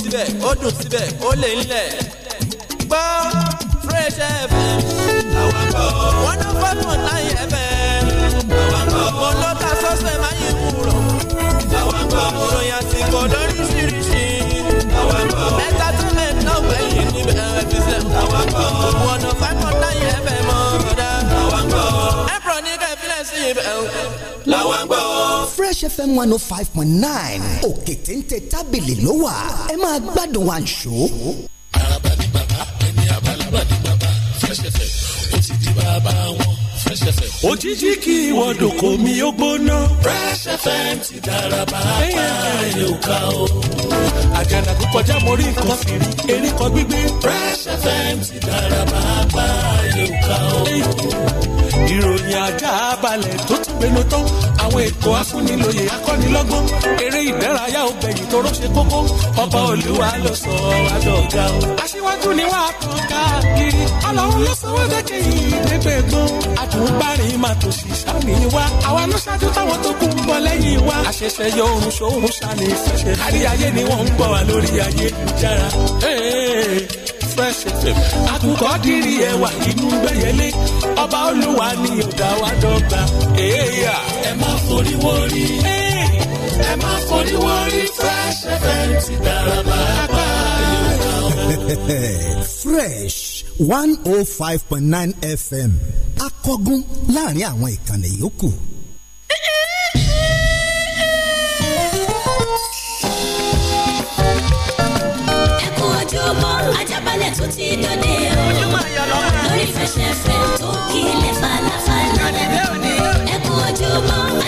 síbẹ̀ ó dùn síbẹ̀ ó lè ńlẹ̀. gbọ́ Fresh
FM.
àwọn kọ́. wọ́n ló fọ́ fún láyé ẹ̀fẹ̀. àwọn kọ́. mo ló ta sọ́sẹ̀ máa yí wúrọ̀. àwọn kọ́. ìròyìn àsìkò lóríṣiríṣi.
àwọn kọ́. mẹ́ta tún lè ná gbẹ̀yìn níbẹ̀ ẹ̀fẹ̀ sẹ́. àwọn kọ́. wọ́n ló fọ́ fún láyé ẹ̀fẹ̀ mọ́ ọ̀dà. àwọn kọ́. ẹ̀pọ̀ ní kẹ́fílẹ̀ sí ibẹ̀
làwọn gbọ́.
fresh fm one oh five point nine
òkè téńté
tábìlì ló wà ẹ máa gbádùn àǹṣó.
araba ni bàbá ẹni abalaba ni fresh fm ó ti di bàbá wọn fresh fm. òjijì kí ìwọ́dọ̀ kò mí ó gbóná. fresh fm ti dára bàbá ẹ̀ ò ká o. àjànà kó kọjá mo rí nǹkan fìrí erékọ gbígbé. fresh fm ti dára bàbá ẹ̀ ò ká o ìròyìn ajá balẹ̀ tó tún gbénu tán àwọn ètò afúnilòyè akọ́nilọ́gbọ́n eré ìdárayá obìnrin tó rọ́ṣẹ́ kókó ọba olúwa ló sọ adọ́gà o. aṣíwájú ni wàá kàn káàkiri ọlọ́run ló sọ wọ́n dẹ́kẹ́ yìí débẹ̀ gbọ́n àtúbárìn máa tò sí sámi wa àwa ló ṣáájú táwọn tó kù ń bọ̀ lẹ́yìn wa. àṣẹ̀ṣẹ̀ yọ oorun ṣòun ṣàní ìfẹsẹ̀ kárí ni wọ́n ń gbọ́ wa lórí ayélujára fresh fm àkùkọ dìrì ẹwà inú gbẹyẹlé ọba olúwa ni ó dá wa dọ́gba. ẹ máa forí wọrí ẹ máa forí wọrí fresh fm ti dára pàápàá. fresh
one oh five point nine fm akọgun láàrin àwọn ìkànnì yòókù.
ẹ ojú ọmọ ajá tún ti dòde o lórí fẹsẹ̀fẹ̀ tó kílẹ̀ falafala ẹ kú ojúmọ́.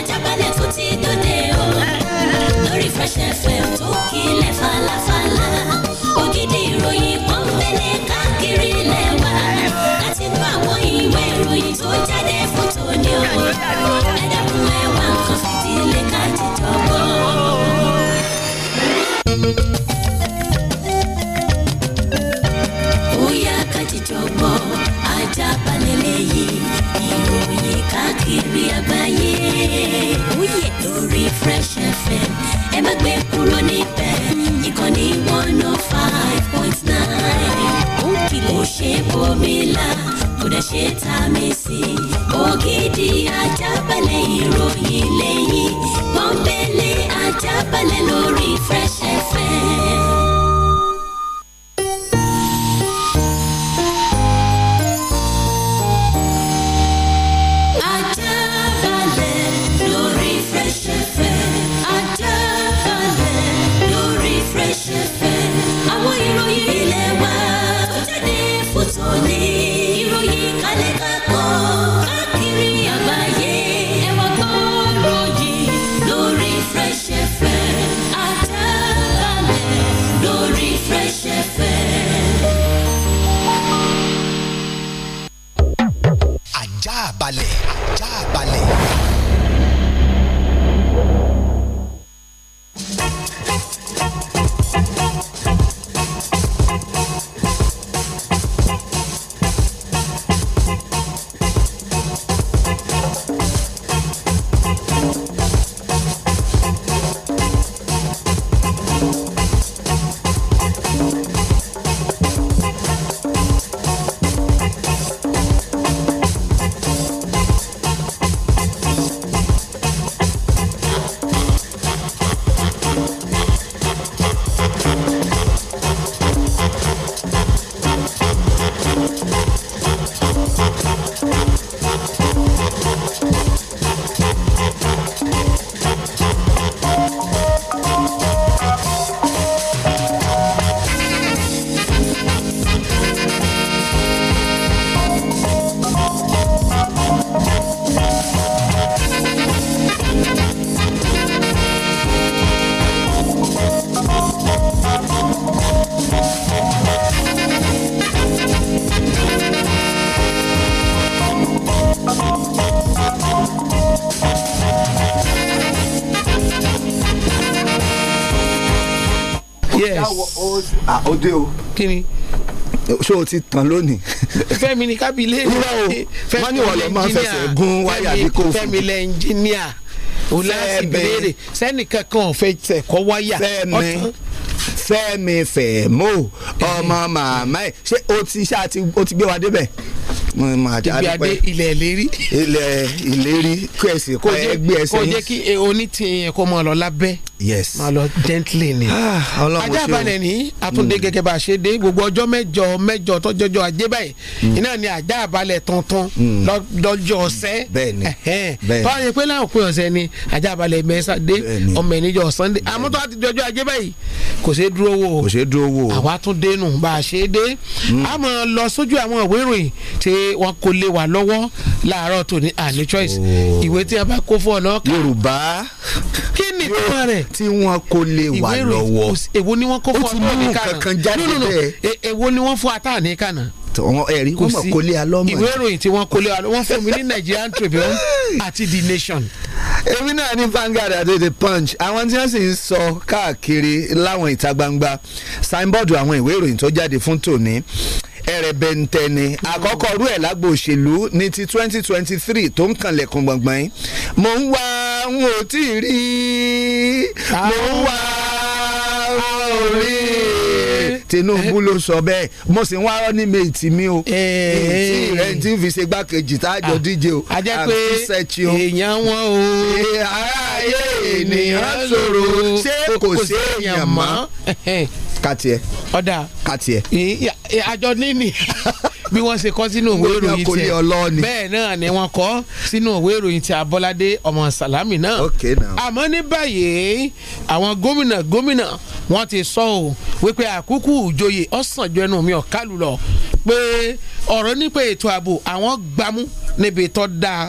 à ah, ó dé o. kí ni. ṣé o ti tàn lónìí.
fẹ́mi ni kábílẹ̀. rírọ̀ o wọ́n ní wọ́n lọ máa fẹsẹ̀ gún wáyà bí kò fún. fẹ́mi lẹ ẹnjíníà o láti béèrè
sẹ́nìkan kan ò fẹ́ tẹ̀kọ́ wáyà. fẹ́mi fẹ́mi fẹ̀mó ọmọ màmá ẹ̀ ṣé o ti ṣá o ti gbé wa débẹ̀. ibi adé ilẹ̀ ìlérí. ilẹ̀ ìlérí kó ẹ̀sìn kó ẹgbẹ́
ẹ̀sìn yín. kó jẹ́ kí oní ti yẹn mọ̀ lọ lábẹ́ yes. máa lọ gently ni. Ah, ajá balẹ̀ ní àtúndé hmm. gẹ́gẹ́ bá a ṣe dé gbogbo ọjọ́ mẹ́jọ mẹ́jọ tọ́jọ́jọ́ ajé báyìí hmm. iná ni ajá balẹ̀ tuntun hmm. lọ́jọ́ ọ̀sẹ̀. bẹ́ẹ̀ni bẹ́ẹ̀ni tọ́wọ́ yẹn pé láwọn pé ọ̀sẹ̀ ni ajá balẹ̀ mẹ́sà dé ọmọ ẹ̀níjọ sunday àmọ́ tó a ti dọjọ́ ajé báyìí kò ṣeé dúró wò kò ṣeé dúró wò àwa tún dé nù bá a ṣe dé a mọ̀ lọ sójú àwọn ìwé ìròyìn tí wọ́n kò lè wà lọ́wọ́ láàárọ̀ tòní àní choice oh. ìwé tí a bá kó fún ọ
lọ́ọ̀kan. yorùbá kí ni tó rẹ̀ bẹ́ẹ̀ tí wọ́n kò lè wà lọ́wọ́ èwo
ni wọ́n kó fún ọtá àníkànnà e- ni wọ́n fún ọtá àníkànnà
àwọn ẹ̀rí wọn mọ̀ ìwé ìròyìn tí wọ́n kó wọ́n fún mi ní Nigerian Tribune àti The Nation. èmi náà ní Vanguard àti The Punch àwọn tí wọ́n sì ń sọ káàkiri láwọn ìta gbangba signboard àwọn ìwé ìròyìn tó jáde fún tòní ẹrẹbẹntẹni àkọ́kọ́ rú ẹ̀ lágbo òṣèlú ní ti twenty twenty three tó ń kanlẹ̀kùn gbọ̀ngbọ̀n yìí mò ń wá n ò tí ì rí mò ń wá n ò rí i. Tinubu ló sọ bẹ́ẹ̀ mo sì ń wá rọ́ọ̀nì méjì mi o èyí rẹ̀ ti fi ṣe gbákejì tá a jọ ah, díje o a jẹ́ pé èèyàn wọn o aráyé ènìyàn ṣòro ṣé kò sí èèyàn mọ́ kàtiẹ. ọ̀dà kàtiẹ.
àjọ níní bí wọ́n ṣe kọ́ sínú òwe ìròyìn tiẹ̀ bẹ́ẹ̀ náà ni wọ́n kọ́ sínú òwe ìròyìn ti Abọ́ládé ọmọ Sàlámì náà àmọ́ ní báyìí àwọn gómìnà gómìnà wọ́n ti sọ ọ́ wípé àkúkú ìjòyè ọ̀sán jọ ẹnu mi ọ̀kálù lọ pé ọ̀rọ̀ nípa ètò ààbò àwọn gbámú níbi tó dáa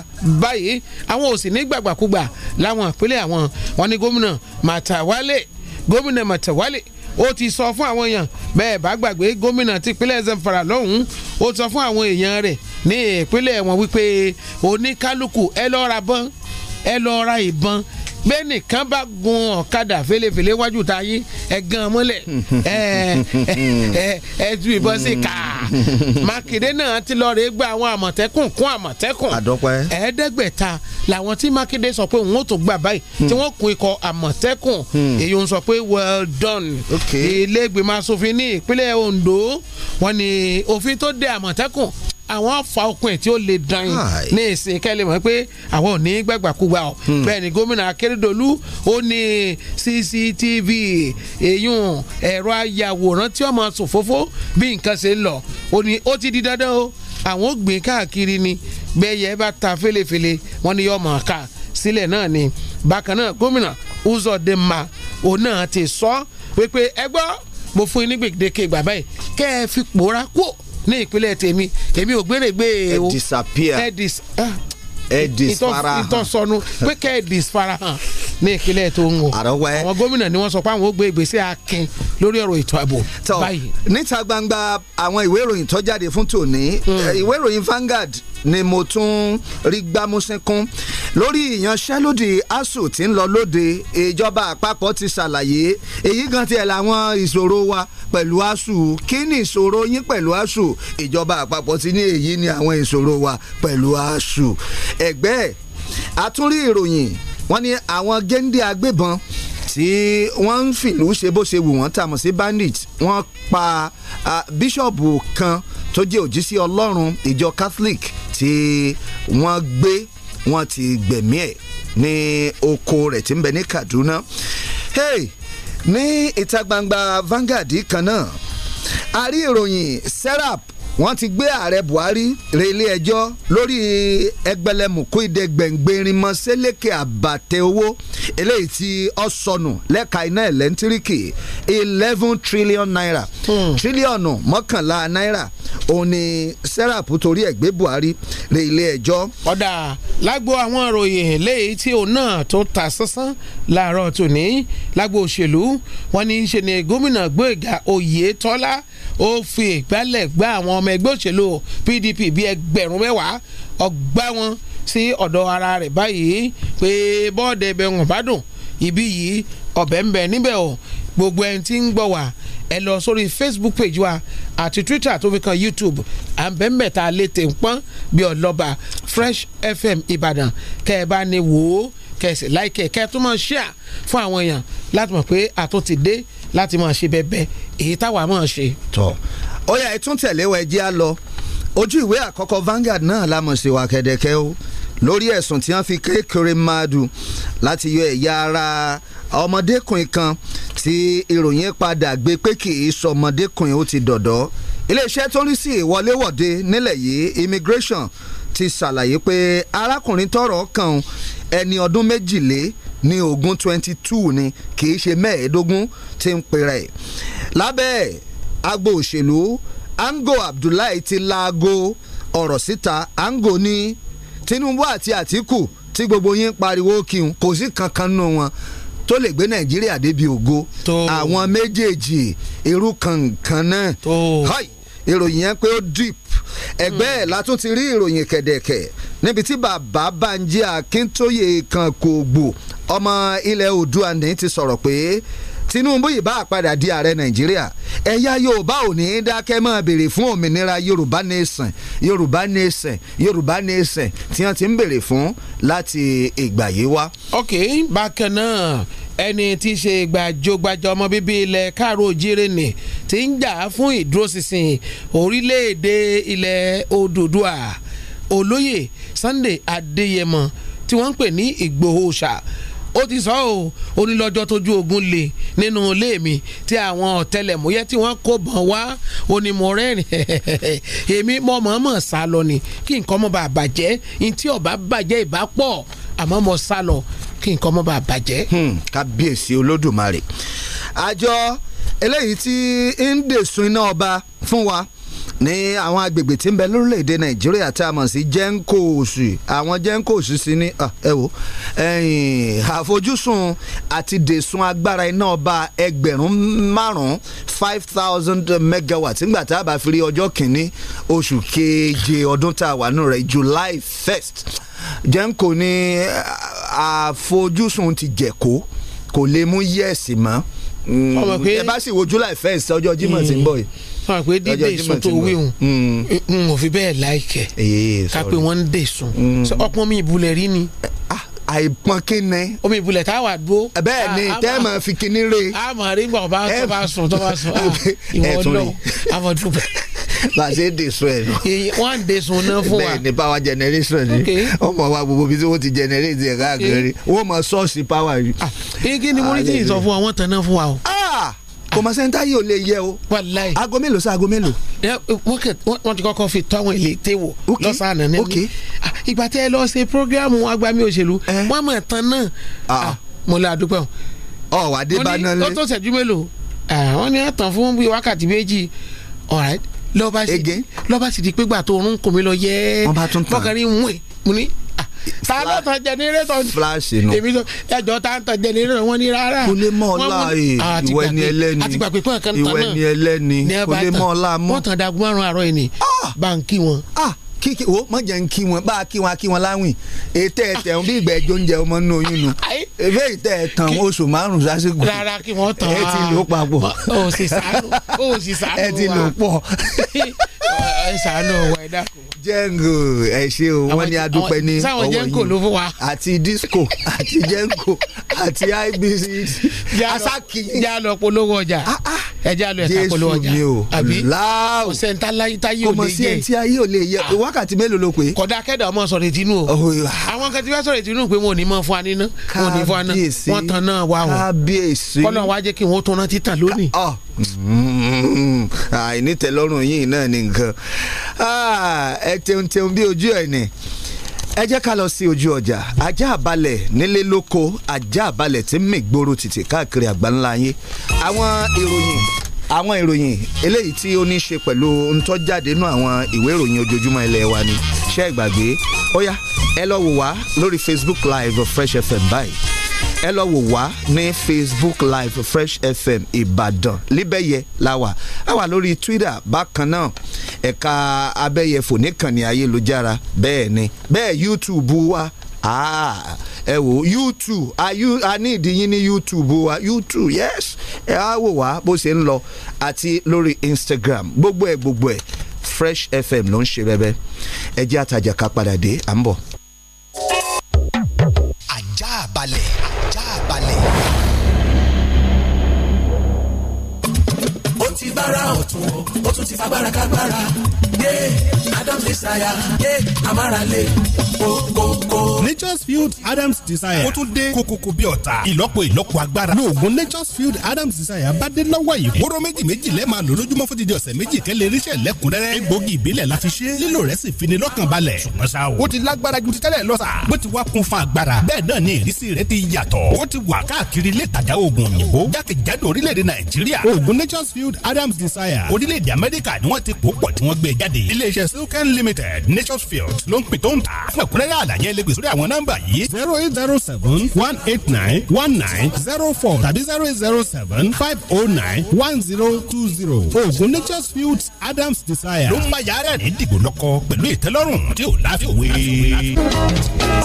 báyìí àwọn ò sì ní gbàgbàkúgbà láwọn ìpínlẹ̀ àwọn wọn ní gómìnà Màtàwálé gómìnà Màtàwálé ó ti sọ fún àwọn èèyàn bẹ́ẹ̀ bá gbàgbé gómìnà ti ìpínlẹ̀ Zamfara lọ́hùn-ún ó sọ fún àwọn èèyàn rẹ̀ ní ìpínlẹ̀ wọn wípé oníkálukú ẹ lọ́ọ́ ra bọ́n ẹ lọ́ọ́ ra ìbọn bẹ́ẹ̀ nìkan bá gun ọ̀kadà fẹlẹ́fẹlẹ́ wájú ta yín ẹ gan mọ́lẹ̀ ẹ ẹ ẹ ju ìbọn sí ká Mákindé náà ti lọ́ọ́ rẹ̀ gba àwọn àmọ̀tẹ́kùn kún àmọ̀tẹ́kùn ẹ̀ẹ́dẹ́gbẹ̀ta làwọn tí Mákindé sọ pé òun ò tó gbà báyìí hmm. tí wọ́n kun ikọ̀ àmọ̀tẹ́kùn hmm. èyí ń sọ pé well done ilé ìgbìmọ̀ asòfin ní ìpínlẹ̀ Ondo wọ́n ní òfin tó dé àmọ̀tẹ́kùn àwọn fa okun ẹ̀ tí ó le dan yìí ní ìsìn kẹ́lẹ́ mọ̀ pé àwọn ò ní gbàgbàkúgbà o hmm. bẹ́ẹ̀ ni gómìnà akérèdọ́lù ó ní cctv èyún ẹ̀rọ ayàwòrán tí ọmọ sòfófó bí nǹkan ṣe ń lọ ó ní ó ti di dandan o àwọn ò gbìn káàkiri ni bẹ́ẹ̀yẹ bá ta fẹ́lẹ́fẹ́lẹ́ wọ́n ní yọ̀ọ́ mọ̀ ká sílẹ̀ náà ni bákan náà gómìnà Uzodinma òun náà ti sọ wípé ẹ mo fún yín ní gbèdéke ìgbà báyìí kẹ́ ẹ fi pòórá kúò ní ìpínlẹ̀ tèmi èmi ò gbèrègbè e o ẹ disappear ẹ dis ah, ẹ disfarahàn ìtọ́sọnu pé kẹ́ ẹ disfarahàn ní ìpínlẹ̀ tó ń wò àwọn gómìnà ni wọ́n sọ pé àwọn ò gbé ìgbésẹ̀ akin
lórí ọ̀rọ̀ ètò ààbò báyìí. níta gbangba àwọn ìwé ìròyìn tó jáde fún tòní hmm. ìwé ìròyìn Vanguard ni mo tún rí gbámúsínkún lórí ìyanṣẹ́lódì asuu tí ń lọ lóde ìjọba àpapọ̀ ti ṣàlàyé èyí gan tiẹ̀ làwọn ìṣòro wa pẹ̀lú asu kí ni ìṣòro yín pẹ̀lú asuu ìjọba àpapọ̀ ti ní èyí ni àwọn ìṣòro wa pẹ̀lú asuu ẹ̀gbẹ́ àtúnrí ìròyìn wọ́n ní àwọn géńdé agbébọn tí wọ́n ń fìlú ṣe bó ṣe wù wọ́n tàmọ̀ sí bandit wọ́n pa bíṣọ̀bù kan tó jẹ́ òjísí ọlọ́run ìjọ catholic tí wọ́n gbé wọ́n ti gbẹ̀mí ẹ̀ ní oko rẹ̀ tí ń bẹ ní Kaduna hey ní ìta gbangba Vanguard kan náà a rí ìròyìn serap wọ́n ti gbé ààrẹ Buhari re ilé ẹjọ́ lórí ẹgbẹ̀lẹ́mùkú ìdẹ́gbẹ̀ngbẹ̀rinmọ sẹ́lẹ̀kẹ̀ àbàtẹ owó eléyìí tí ó sọnù lẹ́ka iná ẹ̀lẹ́ntíríkì eleven trillion naira hmm. tírílíọ̀nù mọ́kànlá náírà òun ni Serap torí ẹ̀ gbé Buhari re ilé ẹjọ́. ọ̀dà lágbo àwọn òròyìn eléyìí tí òun
náà tó ta sánsán láàárọ̀ tòní lágbo òṣèlú wọn ní í ṣe ni gómìnà Gbóyèga ó fi ìgbálẹ̀ gbá àwọn ọmọ ẹgbẹ́ òṣèlú PDP bíi ẹgbẹ̀rún mẹ́wàá ọgbà wọn sí ọ̀dọ̀ ara rẹ̀ báyìí pé bọ́ọ̀dẹ̀ ẹbẹ̀ wọn bá dùn ibi yìí ọ̀bẹ ń bẹ níbẹ̀ o gbogbo ẹni tí ń gbọ́ wá ẹ lọ sórí facebook page wa àti twitter tó fi kan youtube àbẹ̀mẹ̀ta létè ń pọ́n bí ọlọ́ba fresh fm ìbàdàn kẹ́ ẹ bá ní wò ó kẹ́ ẹ sì láìkẹ́ kẹ́ ẹ tún máa ṣíà fún àwọn èèyàn láti mọ̀ pé àtúntì dé láti máa ṣe bẹ́ẹ̀ bẹ́ẹ̀ èyí táwa mọ̀ ṣe.
tọ́ ó yá ẹ tún tẹ̀lé wa ẹ jẹ́ á lọ ojú ìwé àkọ́kọ́ Vanguard náà la mọ̀ sí wa kẹ̀dẹ̀kẹ́ o lórí ẹ̀sùn tí wọ́n fi kékeré madu láti yọ ẹ̀yà ara ọmọdékùnrin kan tí ìròyìn padà gbé pé kì í sọ ọmọdékùnrin ó ti dọ̀dọ̀ iléeṣẹ́ tó ń rí sí ìwọléwọ̀de nílẹ̀ yìí immigration ti ṣàlàyé pé arákùnrin tọ́rọ̀ kàn ẹni ọdún méjìlél ní ogún twenty two ni kì í ṣe mẹ́ẹ̀ẹ́dógún tí ń pera lábẹ́ agbo òṣèlú ango abdullahi ti laago ọ̀rọ̀ síta ango ní tinubu àti àtìkù tí gbogbo yín pariwo kíun kò sí kankan nù wọn tó lè gbé nàìjíríà débi ògo àwọn méjèèjì irú kankan náà ìròyìn yẹn pé ó deep ẹgbẹ́ ẹ̀ hmm. látún ti rí ìròyìn kẹ̀dẹ̀kẹ̀ níbi tí bàbá Bánjí Akíntóyè kan kò gbò ọmọ ilẹ̀ Oòduà ní ti sọ̀rọ̀ pé Tinubu yìí bá àpadà di ààrẹ Nàìjíríà ẹ̀yà Yorùbá ò ní í dákẹ́ mọ́ béèrè fún òmìnira Yorùbá nation Yorùbá nation Yorùbá nation tí wọ́n ti ń béèrè fún láti ìgbà yìí wá.
ok bákan náà ẹni tí í ṣe gbàjọgbàjọ ọmọ bíbí ilẹ̀ káàró jíire nì tí ń jà fún ìdúróṣinṣin orílẹ̀-èdè ilẹ̀ Odùduwà olóyè Sunday Adéyẹmọ tí wọ́n ń pè ní Ìgbòho ṣáà ó ti sọ ọ́ ó ní lọ́jọ́ tójú ogun le nínú ilé mi tí àwọn ọ̀tẹlẹ̀múyẹ́ tí wọ́n kó bọ̀n wá ó ní mo rẹ́rìn èmi mọ̀ mọ̀ mọ̀ sá lọ ni kí nǹkan mọ̀ bá bàjẹ́ ntí ọ̀bá bàjẹ́ ìbá pọ̀ àmọ́ mo sá lọ
kí nǹkan mọ̀ bá bàjẹ́. Hmm, kábíyèsí olódùmarè àjọ eléyìí tí ń dèsùn iná ọba fún wa ní àwọn agbègbè tí ń bẹ lórílẹ̀‐èdè nàìjíríà tá a mọ̀ sí jẹ́ńkòsù àwọn jẹ́ńkòsù sí ní ẹ wò àfojúsùn àti dẹ̀sùn agbára iná ọba ẹgbẹ̀rún márùn-ún five thousand megawatts nígbà tá a bá fi rí ọjọ́ kìíní oṣù keje ọdún tá a wà nù rẹ̀ July first jẹ́ńkò ní àfojúsùn ti jẹ̀kó kò lè mú yẹ̀ẹ̀sì mọ́ ẹ bá sì wo July first ọjọ́ Jímọ̀ tí ń bọ̀ yìí wọn àpè dídé sùn tó wíhun hmm. n ò fi bẹ́ẹ̀
láìkẹ́ ká pé wọ́n ń dè sùn hmm. ọpọ́n mi ìbúlẹ̀ rí ni eh, ah, àìpọn kíni. omi ìbúlẹ̀ tá a wà dúró. Eh, bẹ́ẹ̀ ni tẹ́ ẹ máa fi kíní re. a máa rí gbọ̀n bá tó bá sùn tó bá sùn eh,
ah, ìwọ lọ amadu bẹ. làṣẹ de sun ẹ nù. wọn de sun náà fún wa. bẹ́ẹ̀ ni power generation ni wọn mọ wa gbogbo bí wọn ti generate ẹ káàkiri wọn mọ source power yìí. Ah, kí ni mo rí tí ì sọ fún wa wọn tan náà fún wa o kò mọ̀ sẹ́ńtà yìí ò lè yẹ o. wàláì aago mélòó sí aago mélòó. wọ́n ti kọ́kọ́ fi tọ́ àwọn èlé
téwò lọ́sàn-án náà ní. ìgbà tẹ́ ẹ lọ ṣe programu agbami òṣèlú wọ́n mọ̀ tán náà ah. mo lè àdúpẹ́ o. ọ wà dé bá náà lé. ó tó ṣẹ́jú mélòó wọ́n ní ẹ̀tàn fún bíi wákàtí méjì lọ́ba sì di pé gbà tó orun kò mí lọ yẹ́ mọ́kànlélọ́wọ́ ta ló tan jẹnirétọ̀ flash nù ta ń tan jẹnirétọ̀ wọn ni rárá. kò lè mọ ọlá eh, ah, ìwẹ ni ẹlẹ́ni ìwẹ ni
ẹlẹ́ni kò lè mọ ọlá mọ. wọ́n tan dagun márùn-ún àárọ̀ yìí ni ah! báńkì wọn. Ah! kíkí wo mọ jẹ́ ń kí wọn bá a kí wọn a kí wọn láwìn ètè ẹ̀tẹ̀ ń bí ìgbẹ́jọ́ ń jẹ ọmọ nínú oyún nu ebe ètè ẹ̀tàn oṣù márùn sásìkò rárá kí wọ́n tàn án ẹ ti lò papọ̀ o sì sànù o sì sànù wa ẹ ti lò pọ̀ ẹ sànù wa ẹ dákun. jẹ́ǹgò ẹ ṣe o wọ́n ní adúpẹ́ ní ọwọ́ yìí àti disco àti jẹ́ǹgò àti ibc
asaki. yálọ polówó ọjà. ah, ah ẹ jẹ́ àlọ́ ẹ̀ka polówó ọjà àbí kò sẹ́ńtà táyé ò lè yẹ kò mọ̀ sí ẹ̀ńtì ayé ò lè yẹ ah. wákàtí mélòó ló pé. kọ̀dà kẹ́dà ọmọ sọ̀rọ̀ ìtinú o ah. àwọn kan ti sọ̀rọ̀ ìtinú pé wọn ò ní mọ̀ fún aníná wọn ò ní fún aná wọn tan náà wá o kábíyèsí wá jẹ́ kí wọ́n tún rántí tàn lónìí. Ah.
Mm-hmm. àìnítẹ́lọ́rùn yìí náà ni ẹ tẹun tẹun bí ojú ẹ̀ ni ẹ jẹ́ ká lọ sí ojú ọjà ajá àbálẹ̀ nílé lóko ajá àbálẹ̀ tí ń mì gbòòrò títì káàkiri àgbáńlá yín àwọn ìròyìn àwọn ìròyìn eléyìí tí ó ní í ṣe pẹ̀lú ntọ́jáde nú àwọn ìwé ìròyìn ojoojúmọ́ ilé wa ni ṣé ìgbàgbé ó yá ẹ lọ wò wá lórí Facebook live of Fresh FM báyìí ẹ lọ wò wá ní Facebook live Fresh FM Ìbàdàn líbẹ̀yẹ la wà a wà lórí Twitter bákan náà ẹ̀ka abẹ́yẹfò níkànnì ayélujára bẹ́ẹ̀ ni bẹ́ẹ̀ YouTube wa ah ẹ wò youtube ayu a ní ìdíyín ní youtube wa youtube yes ẹ á wò wá bó ṣe ń lọ àti lórí instagram gbogbo ẹ gbogbo ẹ fresh fm ló ń ṣe bẹbẹ ẹ jẹ́ àtàjà ká padà dé à ń bọ̀.
agbára ọ̀tún ó tún ti fagbára kágbára yé Adams Desire yé amárale kókókó. Nature's Field Adams Desire ó tún
dé kókókó bí ọ̀tá ìlọ́po ìlọ́po agbára lóògùn Nature's Field Adams Desire bá dé lọ́wọ́ yìí. Wóró méjì méjì lẹ́ẹ̀ máa lò lójúmọ́ fún dídí ọ̀sẹ̀ méjì kẹ́lẹ́ irinṣẹ́ lẹ́kùnrẹ́rẹ́. Egbògi ìbílẹ̀ la fi ṣe lílò rẹ̀ sì fi ni lọ́kàn balẹ̀. Ṣùgbọ́n ṣá o, ó ti lágbára ju ti tẹ́lẹ̀ lọ sà. Bó ti wá kún fún agbára, bẹ́ẹ̀ náà ni ìrísí rẹ̀ ti yàtọ̀. Ó ti wà
Nature's Field Adams Adams Desire orílẹ̀-èdè Amẹ́ríkà ni wọ́n ti pò pọ̀ tí wọ́n gbé jáde iléeṣẹ́ silken limited nature's field ló ń pè tó ń tà fún ẹ̀kúnrẹ́rẹ́ àlàyé ẹlẹ́gbẹ̀ sórí àwọn nọ́mbà yìí zero eight zero seven
one eight nine one nine zero four tàbí zero eight zero seven five oh nine one
zero two zero oògùn
nature's field Adams Desire ló ń
ma yàrá ní dìgbò lọ́kọ pẹ̀lú ìtẹ́lọ́rùn tí ò láfi òwe.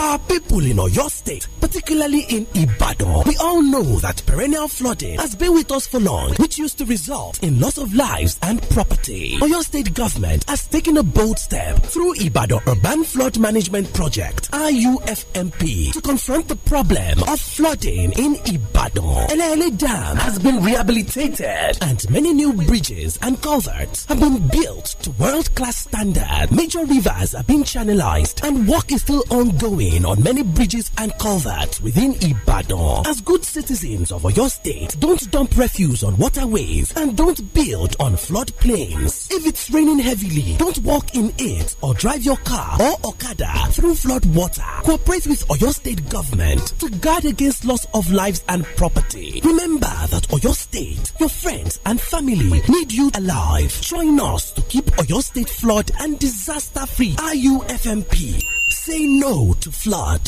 Our people in Oyo State,
particularly
in Ibadan, we all know that perennial flooding has been with us for long, which used to result in loss of lives and property. Oyo State government has taken a bold step through Ibadan Urban Flood Management Project (IUFMP) to confront the problem of flooding in Ibadan. LLA Dam has been rehabilitated, and many new bridges and culverts have been built to world-class standard. Major rivers are being channelized and work is still ongoing on many bridges and culverts within Ibadan. As good citizens of your state, don't dump refuse on waterways and don't build on floodplains. If it's raining heavily, don't walk in it or drive your car or Okada through flood water. Cooperate with Oyo State government to guard against loss of lives and property. Remember that Oyo State, your friends and family need you alive. Join us to keep Oyo State flood and disaster free IUFMP. Say no to flood.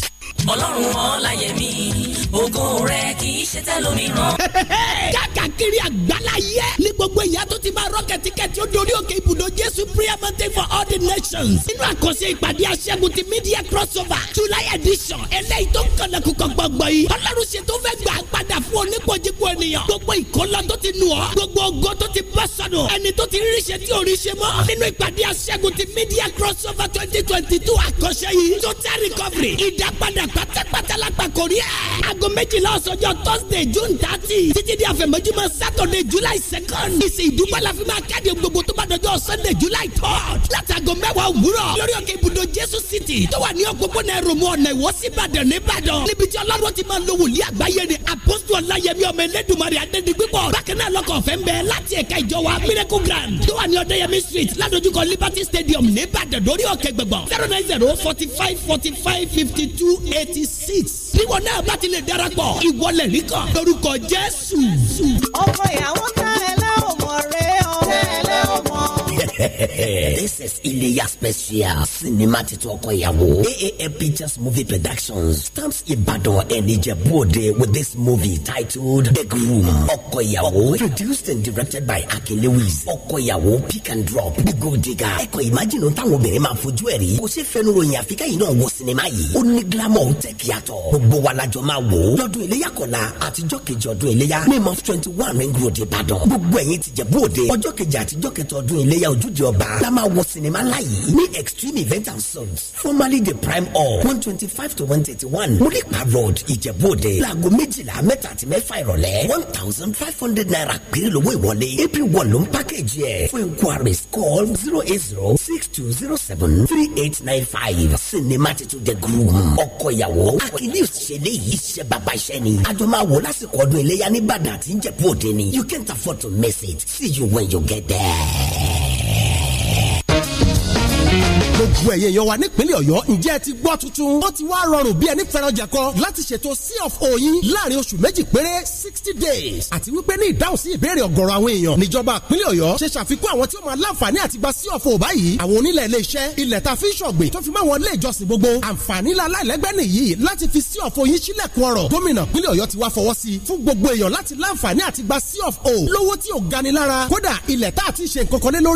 ọlọ́run ọláyẹmí ogun rẹ kì í ṣe tẹlómìíràn.
káàkiri àgbáláyé
ní gbogbo ìyá tó ti máa rọ kẹ̀tíkẹ̀tí ó dorí òkè ibùdó jésù prayer mountain for all the nations. nínú àkànṣe ìpàdé aṣẹ́gun ti media crossover july edition eléyìí tó ń kànlẹ̀ kúkọ gbọ̀ngbọ̀n yìí. ọlọ́run ṣe tó fẹ́ gbà padà fún oníkojúkọ ènìyàn. gbogbo ìkọlọ tó ti nù ọ́ gbogbo ògo tó ti bọ́ sọ̀nù ẹni tó ti ríṣe tí ò ríṣe mọ́. nínú ìpàdé aṣẹ́gun ti media crossover twenty twenty two àkànṣe yìí total recovery ìdápadà rẹ̀ pátápátá la pa kò rí ẹ̀. aago méjìlá ọ̀sọ́jọ́ thursday june thirty títí di àfẹ̀mọ́júmọ́ saturday july second ìsìn ìdúpẹ́ la fi máa kéde gbogbo tó bá dọjọ́ sunday july third láti aago mẹ́wàá òwúrọ̀ lórí òkè ibùdó jésù city tó wà ní òpópónà ẹ̀rọ̀mù ọ̀nà ìwọ́síbàdàn nìbàdàn níbi tí ọlọ́run ti máa lo wòlíì àgbáyé ni apostol ọláyẹmí ọmọ ẹlẹ́dùnmarè adédìgbípọ̀ bákan náà lọ́kọ̀ ọ̀fẹ́ ń bẹ láti ẹ̀ka ìjọ wa miracle grand tó wà ní ọ̀dẹ́yẹmí street ládojúkọ liberty stadium nìbàdàn lórí òkè gbẹ̀gbọ̀n zero nine zero forty five forty five fifty two eighty six. tíwọ náà bá ti lè darapọ̀ ìwọlẹ̀ nìkan lórúkọ Jésù.
ọkọ ìyàwó tá ẹ lẹ́wọ̀n mọ̀ rẹ̀ ọ́.
this is Iléyá special sinima titun ọkọ ìyàwó AAL Pictures movie productions stamps Ibadan and Ijebu-Ode with this movie titled The Groom ọkọ ìyàwó produced and directed by Akin Lewis ọkọ ìyàwó pick and drop The Gold Digger ẹ̀kọ́ ìmájìnnú táwọn obìnrin máa fojú ẹ̀ rí kò ṣe fẹnu ròyìn àfikà yìí náà wo sinima yìí ó ní glamour ó tẹ̀ kíyàtọ̀ gbogbo wa lajọ máa wò ó lọ́dún Iléyá kọ̀la àtijọ́ kejì ọdún Iléyá ní month twenty one ring road Ìbàdàn gbogbo ẹ̀yin tìjẹ̀bú-Òde ọjọ́ kejì àtijọ́ kẹtọ̀ ọdún Iléyá ojú níjọba la máa wọ sinimá ńlá ní extreme event and sons formerly the prime hall one twenty five to one thirty one mulipa road ìjẹ̀bú-òde láago méjìlá mẹ́ta àti mẹ́fà ìrọ̀lẹ́ one thousand five hundred naira péré lówó ìwọlé april one ló ń package yẹ fún inquiries call zero eight zero six two zero seven three eight nine five sinimá titun the groom ọkọ ìyàwó akilius ṣẹlẹ̀ yìí ṣe bàbá iṣẹ́ ni àjọ máa wò lásìkò ọdún iléyà ní ìbàdàn àti ìjẹ̀bú-òde ni you can't afford to miss it
see you when you
get there gbogbo ẹ̀yẹ yọ wa nípínlẹ̀ ọ̀yọ́ ǹjẹ́ ẹ ti gbọ́ tuntun ó ti wá rọrùn bí ẹni fẹ́ràn jẹ̀kọ láti ṣètò sea of oyin láàrin oṣù méjì péré sixty days àti wípé ní ìdáhùn sí ìbéèrè ọ̀gọ̀rọ̀ àwọn èèyàn níjọba ìpínlẹ̀ ọ̀yọ́ ṣe ṣàfikún àwọn tí ó máa láǹfààní àti gba sea of o báyìí àwọn onílẹ̀ ilé iṣẹ́ ilẹ̀ ta fi ń ṣọ̀gbìn tó fi mọ́ wọn ilé ìjọsìn gbogbo àǹfààní la láìlẹ́gbẹ́ nìyí láti fi sea of oyin sílẹ̀kùn ọ̀rọ̀ gómìnà ìpínlẹ̀ ọ̀yọ́ ti wá fọwọ́ sí fún gbogbo èèyàn láti láǹfààní of o lówó tí ò gani lára kódà ilẹ̀ tá àti ṣe nǹkan kan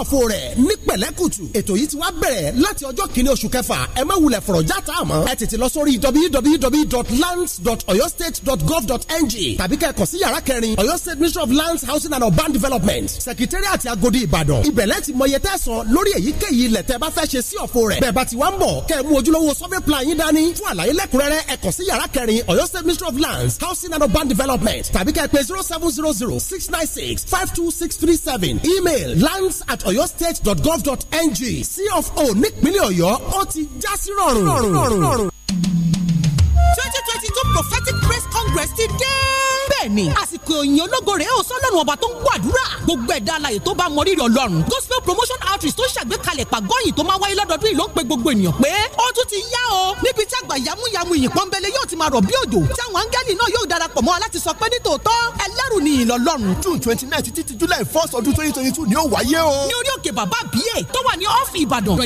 of o rẹ̀ ní pẹ̀lẹ́kùtù ètò yìí ti wá bẹ̀rẹ̀ láti ọjọ́ kìíní oṣù kẹfà ẹ má wulẹ̀ fọ̀rọ̀ játa àmọ́ ẹ tètè lọ sórí www.lands.oyostate.gov.ng tàbí kẹ́kọ̀ọ́ sí yàrá kẹrin Ọ̀yọ́ State Ministry of Lands Housing and Urban Development Secretariat Agodi Ìbàdàn ìbẹ̀lẹ̀ ti mọye tẹ̀sán lórí èyíkéyìí ilẹ̀ tẹ́ bá fẹ́ ṣe sí ọ̀fọ̀ rẹ̀ bẹ́ẹ̀ bá ti wá ń bọ̀ kẹ́ mú ojúlówó survey plan yín dání fún àlàyé lẹ́kùnrẹ́rẹ́ ẹ kàn sí yàrá kẹrin Ọ̀yọ́ State Ministry of Lands Housing and Urban Development tàbí kẹ́ ẹ zero seven zero zero six nine six five two six three seven email lands at oyostate.gov.ng CFO nípínlẹ̀ Ọ̀yọ́ ó ti já sí rọrùn. twenty
twenty two prophetic praise congress ti dé bẹ́ẹ̀ni àsìkò ìyìn ológo rèé o sọ́lọ́run ọba tó ń gbàdúrà gbogbo ẹ̀dá alàyè tó bá mọ rírì ọlọ́run gospel promotion outreach tó ṣàgbékalẹ̀ pàgọ́yìn tó máa wáyé lọ́dọọdún yìí ló ń pe gbogbo ènìyàn pé ó tún ti yá o níbi tí àgbà yamuyamu ìyìn pọ́nbélé yóò ti máa rọ̀ bí òjò tí àwọn áńgẹ́lì náà yóò darapọ̀ mọ́ aláti sọ pé nítòótọ́ ẹlẹ́rù ni ìlọlọ́run. june twenty nine títí july first ọdún twenty twenty two ni ó wáyé o. ní orí òkè bàbá bíyè tó wà ní ọ́ọ̀fì ìbàdàn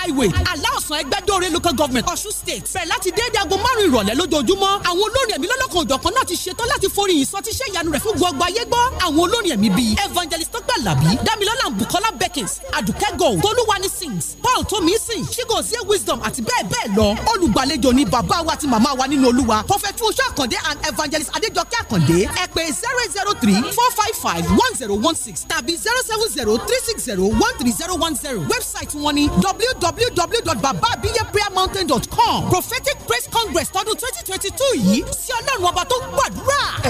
highway aláọ̀sán ẹgbẹ́dóore local government ọ̀ṣun state bẹ̀rẹ̀ láti déédéé aago márùn-ún ìrọ̀lẹ́ lójoojúmọ́ àwọn olórin ẹ̀mí lọ́lọ́kan òjọ̀kan náà ti ṣetán láti f forin yìí sọ ti ṣe ìyanu rẹ̀ fún gbogbo ayé gbọ́ àwọn olórin ẹ̀mí bíi evangelist tọ́gbà làbí damilọ́lá bukola beckins àdùkẹ́ gold tolúwani sings paul tomisin chigozie wisdom àti bẹ́ẹ̀ bẹ́ẹ̀ lọ olùgbàlejò ni bàbá wa àti màmá wa nínú olúwa prophet fúnṣọ́ àkàndé and evangelist adéjọkẹ́ àkàndé ẹ pè zero zero three four five five one zero one six tàbí zero seven zero three six zero one three zero one zero website wọn ni www.bababiyeprayermountain.com prophetic praise congress tọdún twenty twenty two yìí sí ọlọ́run ọba tó gbàdúrà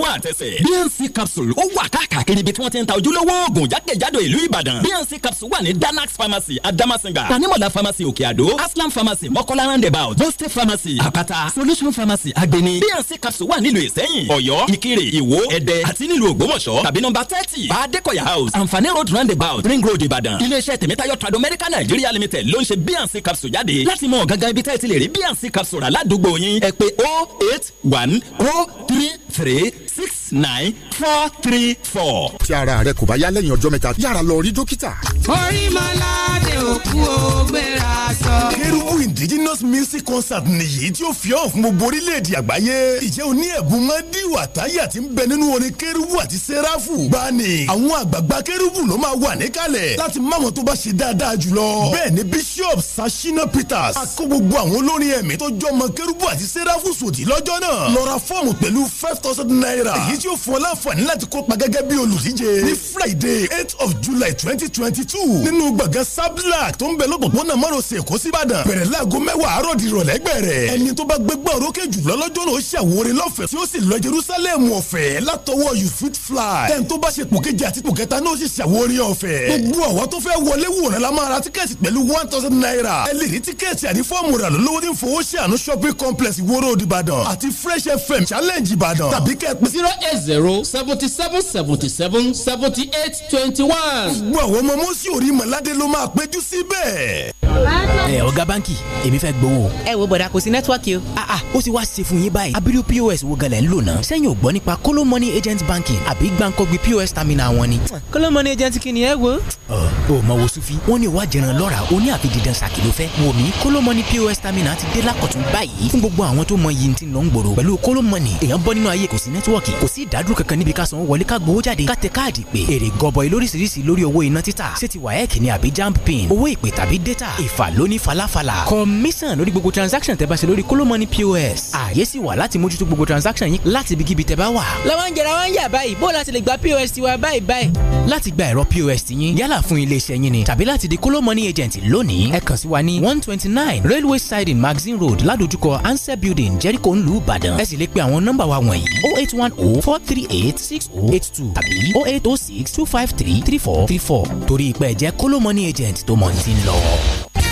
lọ́wọ́ àtẹsẹ̀. bnc capsule ó wà káàkiri ibi tí wọ́n ti ń ta ojúlówó oògùn jákèjádò ìlú ìbàdàn. bnc capsule wà ní danax pharmacy adamasinga tanimola pharmacy òkè àdó aslam pharmacy mọ́kọ́lá roundabout boste pharmacy àpáta solution pharmacy agbeni. bnc capsule wà nílùú ìsẹ́yìn ọ̀yọ́ ìkirè ìwó ẹ̀dẹ́ àti nílùú ògbómọ̀ṣọ́ tàbí nọ́mbà thirty baadekoya house anfani road roundabout ring road ìbàdàn. iléeṣẹ́ tèmítáyọ̀ tradomedica nigeria limited ló ń ṣe bnc capsule jáde láti mọ gangan ibi tẹ́ lè rí bnc capsule aládùúgbò yín ẹ pé oh eight one o oh three three six nine four three four. tí
ara rẹ kò bá yá lẹ́yìn ọjọ́ mẹ́ta yára lọ rí dókítà. orí malade òkú o
sọ. kérúbù
indigenous music concert nìyí tí ó fi hàn fún gbogbo orílẹ̀-èdè àgbáyé.
ìjẹ́ o ní ẹ̀bùn máa díwà táyà tí ń bẹ nínú orin kérúbù àti sẹ́ráfù. gbani àwọn àgbààgbà kérúbù ló máa wà níkàlẹ̀ láti máwọn tó bá ṣe dáadáa jùlọ. bẹ́ẹ̀ ni bishop sashina peters akó gbogbo àwọn olórin ẹ̀mí tó jọmọ kérúbù àti sẹ́ráfù sòdì lọ́jọ́ náà lọ fọ́ọ̀mù pẹ̀lú five thousand naira naira èyí tí ó fún ọ láǹfààní láti kópa gẹ́gẹ́ bí olùdíje ní friday eight of july twenty twenty two nínú gbọ̀ngàn sablak tó ń bẹ lọ́pọ̀pọ̀nà márosẹ̀ èkó síbàdàn bẹ̀rẹ̀ láago mẹ́wàá àárọ̀ di ìrọ̀lẹ́ gbẹ̀rẹ̀ ẹni tó bá gbégbá orókè jùlọ lọ́jọ́ náà ó
ṣàwòrán lọ́fẹ̀ẹ́ tí ó sì lọ jerusalem ọ̀fẹ́ látọwọ́ you fit fly tẹ́ni tó bá ṣe pò kejì àti pò kẹta náà ó sì ṣàwòrán ọ̀fẹ́ gbogbo àwọn tó fẹ́ wọlé wòran la máa ra tíkẹ́ẹ̀tì pẹ̀lú one thousand
naira ẹ lè rí tíkẹ́ẹ̀tì àní fọ́ọ̀mù rà lọ́wọ́ ní fowó ṣàánú shopping complex ìwóró ìbàdàn àti fresh challenge ìbàdàn tàbí kẹ́ẹ̀ pèsè zero eight zero seventy seven seventy seven seventy eight twenty one. gbogbo àwọn ọmọ mọ́sí orí mọ̀ládé ló máa péjú síbẹ̀.
ẹ ọ̀gá báńkì èmi fẹ́ gbowó. ẹ wo bọ̀dà kò sí nẹ́tíwọ́ọ̀kì o. a ah, a ah, ó ti wá ṣe fún yín báyìí abiru pos wo gẹlẹ́ ń lò náà sẹ́yìn ò gbọ́ nípa kóló money agent banking àbí gbàǹkọ́gbì pos terminal wọn ni. kóló money agent kì ni ẹ wo. ọ ò mọ wo sufi wọn ni wàá jẹran lọ́ra o ní àfi dídán ṣàkì ló fẹ́ kóló money pos terminal ti dé lákọ̀tún báyìí fún gbogbo àwọn tó mọ yìí ti lọ́ ń gbòòrò pẹ̀lú kóló nẹ́tíwọ̀kì kò sí ìdádúró kankan níbi ká sanwó wọlé ká gbowó jáde ká tẹ káàdì pé èrè gọbọi lóríṣiríṣi lórí owó iná títà ṣé ti wáyẹ́ẹ̀kì ni àbí jamb pin owó ìpè tàbí data ìfà lóní falafala commission lórí gbogbo transaction tẹ́ bá ṣe lórí kólómọ́ni pos ààyè sì wà láti mójútó gbogbo transaction yín láti ibikíbi tẹ́ bá wà. làwọn ń jẹrà wọn ń yà báyìí bó láti lè gba pos tiwa báyìí báyìí. láti gba ẹ̀rọ pos ti yín yálà fún iléeṣẹ́ yín ni tàbí láti di kólómọ́ni agent lónìí ẹ sí wa ní one twenty nine railway siding magazine road ládojúkọ answer building jericho ńlú ìbàdàn ẹ sì lè pe àwọn nọ́mbà wa wọ̀nyí oh eight one one oh. four three eight six oh eight two oh. tàbí oh eight oh six two five three three four three four torí ìpẹ́ jẹ́ kólómọ́nì agent tó mọ̀ ní ti ń lọ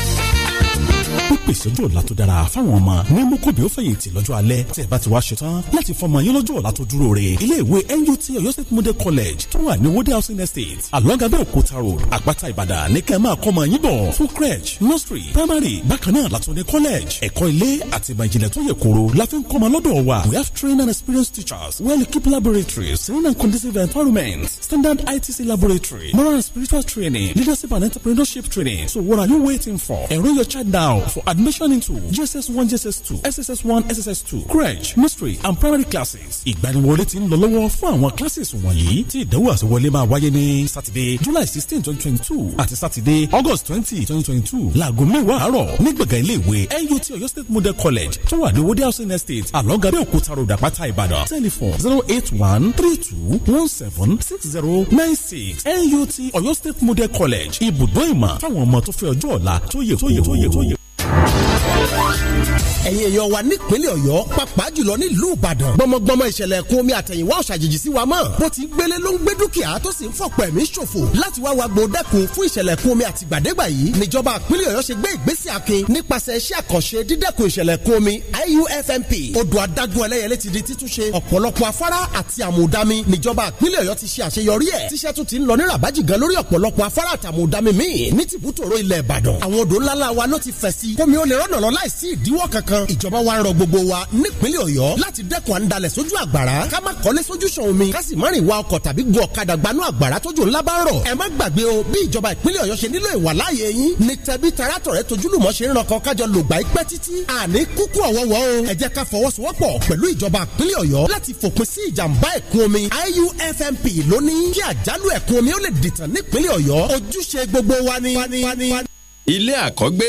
pèsè ọjọ́ ọ̀la tó dára fáwọn ọmọ ní mokobi ó fẹ̀yìntì lọ́jọ́ alẹ́ tẹ́ ẹ bá ti wá ṣetán láti fọmọ yín lọ́jọ́ ọ̀la tó dúró re ilé ìwé NUT Ọ̀yọ́ State Model College tó wà ní Wode Housing Estate along Abẹ́òkúta road Àpáta Ìbàdàn ní kẹ́ ẹ máa kọ́ ọmọ yín bọ̀ fún crèche nursery primary bákan náà látún ní college ẹ̀kọ́ ilé àti ìmọ̀ ìjìnlẹ̀ tó yẹ kóró la fi ń kọ́ ọmọ lọ́dọ̀ wa we have trained and experienced teachers well equipped laboratories run and conducive environment standard ITC laboratory moral and spiritual training leadership and entrepreneurship training so what are you waiting for enroll your child now for ad Admission into jss One, jss Two, sss One, sss Two, crèche, Mystery, and primary classes. Ìgbaniwọlé ti ń lọ lọ́wọ́ fún àwọn classes wọ̀nyí tí ìdánwò àṣewọlé máa wáyé ní Sátidé July sixteen twenty twenty two àti Saturday, August twenty twenty twenty two láago mẹ́wàá àárọ̀ ní gbọ̀ngàn ilé ìwé NUT Oyo State Model College tó wà ní Owódé Housing Estate Àlọ́gàdé Òkúta Road Àpáta Ìbàdàn telephone zero eight one three two one seven six zero nine six NUT Oyo State Model College ibùdó ìmọ̀ fáwọn ọmọ tó fẹ́ ọjọ́ ọ̀la tó yẹ tó Thank you. ẹ̀yin èèyàn wa nípínlẹ̀ ọ̀yọ́ pàápàá jùlọ nílùú
ìbàdàn gbọmọgbọmọ ìṣẹ̀lẹ̀ ẹ̀kún omi àtẹ̀yìnwá ọ̀ṣàjèjì sí wa mọ́ bó ti ń gbélé ló ń gbé dúkìá tó sì ń fọ̀pọ̀ ẹ̀mí ṣòfò láti wá wa gbòdẹ́kun fún ìṣẹ̀lẹ̀ ẹ̀kún omi àtìgbàdégbà yìí níjọba ìpínlẹ̀ ọ̀yọ́ ṣe gbé ìgbésẹ̀ akin nípasẹ̀ iṣẹ́ àkànṣe dídẹ́kun ìṣẹ̀lẹ̀ ẹ̀kún omi IUFMP odò adágún ẹlẹ́yẹlé ti di títúnṣe ọ̀pọ̀lọpọ̀ afárá àti àmùdámi níjọba ìpínlẹ̀ ọ̀yọ́ ti ṣe àṣeyọrí ẹ̀ tíṣẹ́ tún ti ń lọ ní ràbájì gan lórí ọ̀pọ̀lọpọ̀ afárá àtàmùdámi míì ní tìbútòrò ilẹ̀ ìbàdàn àwọn odò ńláńlá wa ló ti fẹ̀ sí kómi ó lè rọ́nà lọ láìsí ìdíwọ́ kankan kan ìjọba wa rọ gbogbo wa nípínlẹ̀ ọ̀yọ́ láti dẹ́kun àńdalẹ̀ sójú àgbàrá ká má kọ́lé sójú sàn omi ká sì má rìn wa ọkọ̀ tàbí gun ọ̀kadà gbanú àgbàrá tójú ńlá bá ń rọ̀ ẹ má gbàgbé o bí ìjọba ìpínlẹ̀ ọ̀yọ́ ṣe nílò ìwà láàyè yín ni tẹbí tarátọ̀rẹ́ tojúlùmọ̀ ṣe ń ràn kan kájọ lògbà ipẹ́ títí àní kúkú ọ̀wọ́wọ́ o ẹ jẹ́ ká fọwọ́sowọ́pọ̀ pẹ̀lú ìjọba ìpínlẹ̀ ọ̀yọ́ láti fòpin sí ìjàmbá ẹ̀kún omi IUFMP lónìí kí àjálù
ẹ̀kún omi ó lè dìtàn nípínlẹ̀ ọ̀yọ́ ilé àkọ́gbé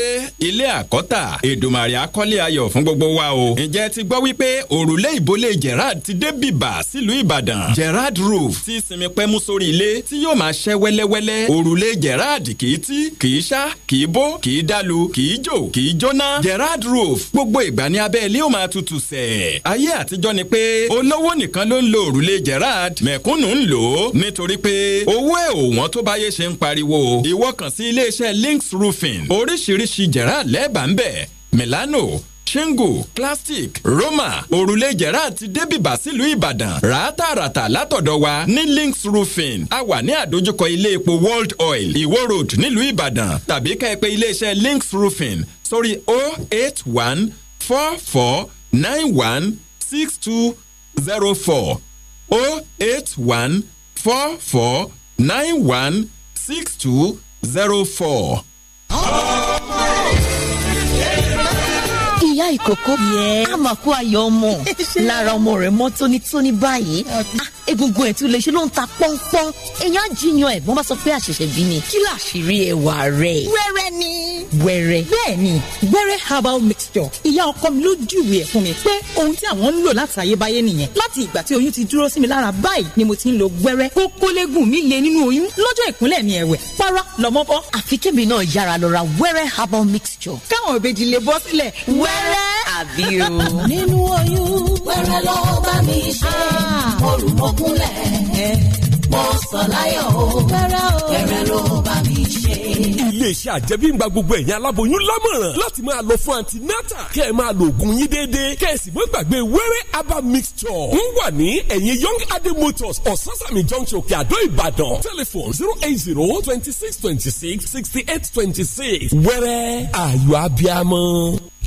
ilé àkọ́tà Èdùmàrè akọ́lé ayọ̀ fún gbogbo wa o. ǹjẹ́ ti gbọ́ wípé òrùlé ìbólé Gerard ti dé bìbà sílùú Ìbàdàn Gerard roof ti sinmi pẹ́mú sórí ilé tí yóò máa ṣẹ́ wẹ́lẹ́wẹ́lẹ́ òrùlé Gerard kì í tí kì í ṣá kì í bó kì í dalu kì í jò kì í jóná Gerard roof gbogbo ìgbà ní abẹ́ ilé ó máa tutù sẹ̀. ayé àtijọ́ ni pé olówó nìkan ló ń lo òrùlé Gerard mẹ̀kúnnù ń lò ó nítorí pé owó ẹ̀ òwọ́n tó báyé ṣe ń pariwo ìwọ kàn Links Roofing Gardening oríṣiríṣi jẹ̀rá lẹ́ẹ̀bà ń bẹ̀ Milano shingle classic roma òrùlé jẹ̀rá àti débìbà sílùú ìbàdàn ràátàràtà látọ̀dọ̀ wa ní links roofing a wà ní àdójúkọ ilé epo world oil ìwó road nílùú ìbàdàn tàbí ká ẹ pè iléeṣẹ́ links roofing sórí oh zero four
ìyá ìkókó àmàkù ayọ̀ ọmọ lára ọmọ rẹ̀ mọ́ tónítóní báyìí ah, egungun ẹ̀ tí o lè ṣe ló ń ta pọ́npọ́n èèyàn jiyàn ẹ̀ wọ́n bá sọ pé àṣẹ̀ṣẹ̀ bí ni kí làṣírí ẹwà rẹ̀. wẹ́rẹ́ ni. wẹ́rẹ́. bẹ́ẹ̀ni wẹ́rẹ́ herbal mixture ìyá ọkọ mi ló júwe ẹ̀ fún mi pé ohun tí àwọn ń lò láti ayébáyé nìyẹn láti ìgbà tí oyún ti dúró sí mi lára báyìí ni mo ti ń lo wẹ́rẹ́ kókólégùn mi le nínú oyún lọ́jọ́ ìkúnlẹ̀ mi ẹ̀wẹ̀ para lọ́mọ àfi kébì náà yára lọ ra wẹ́rẹ́ herbal mixture. káwọn òbejì lè bọ́ sílẹ̀ wẹ́rẹ́. àbí o. nínú oyún wẹ́rẹ́ lọ́ọ́ bá mi ṣe ah. mo rù mọ́
kúnlẹ̀
mo sọ láyọ̀
o kẹrẹ ló
iléeṣẹ́ àjẹmíngba gbogbo ẹ̀yin aláboyún lámọ̀ràn láti máa lọ fún antinata kẹ́ ẹ̀ máa lo oògùn yín déédéé kẹ́ ẹ̀ sì mọ́ gbàgbé wẹ́rẹ́ aba mixture ń wà ní ẹ̀yìn young adé motors ososami junction kíadó ìbàdàn telephone zero eight zero twenty six twenty six sixty eight twenty six wẹ́rẹ́ ayọ̀ abiamọ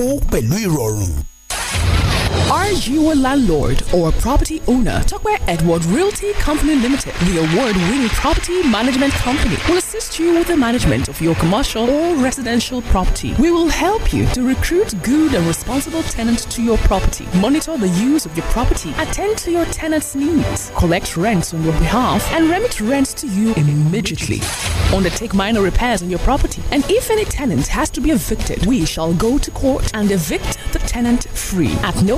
owó pẹ̀lú ìrọ̀rùn. Are you a landlord
or property owner? Tuckware Edward Realty Company Limited, the award winning property management company, will assist you with the management of your commercial or residential property. We will help you to recruit good and responsible tenants to your property, monitor the use of your property, attend to your tenants' needs, collect rents on your behalf, and remit rents to you immediately. Undertake minor repairs on your property, and if any tenant has to be evicted, we shall go to court and evict the tenant free at no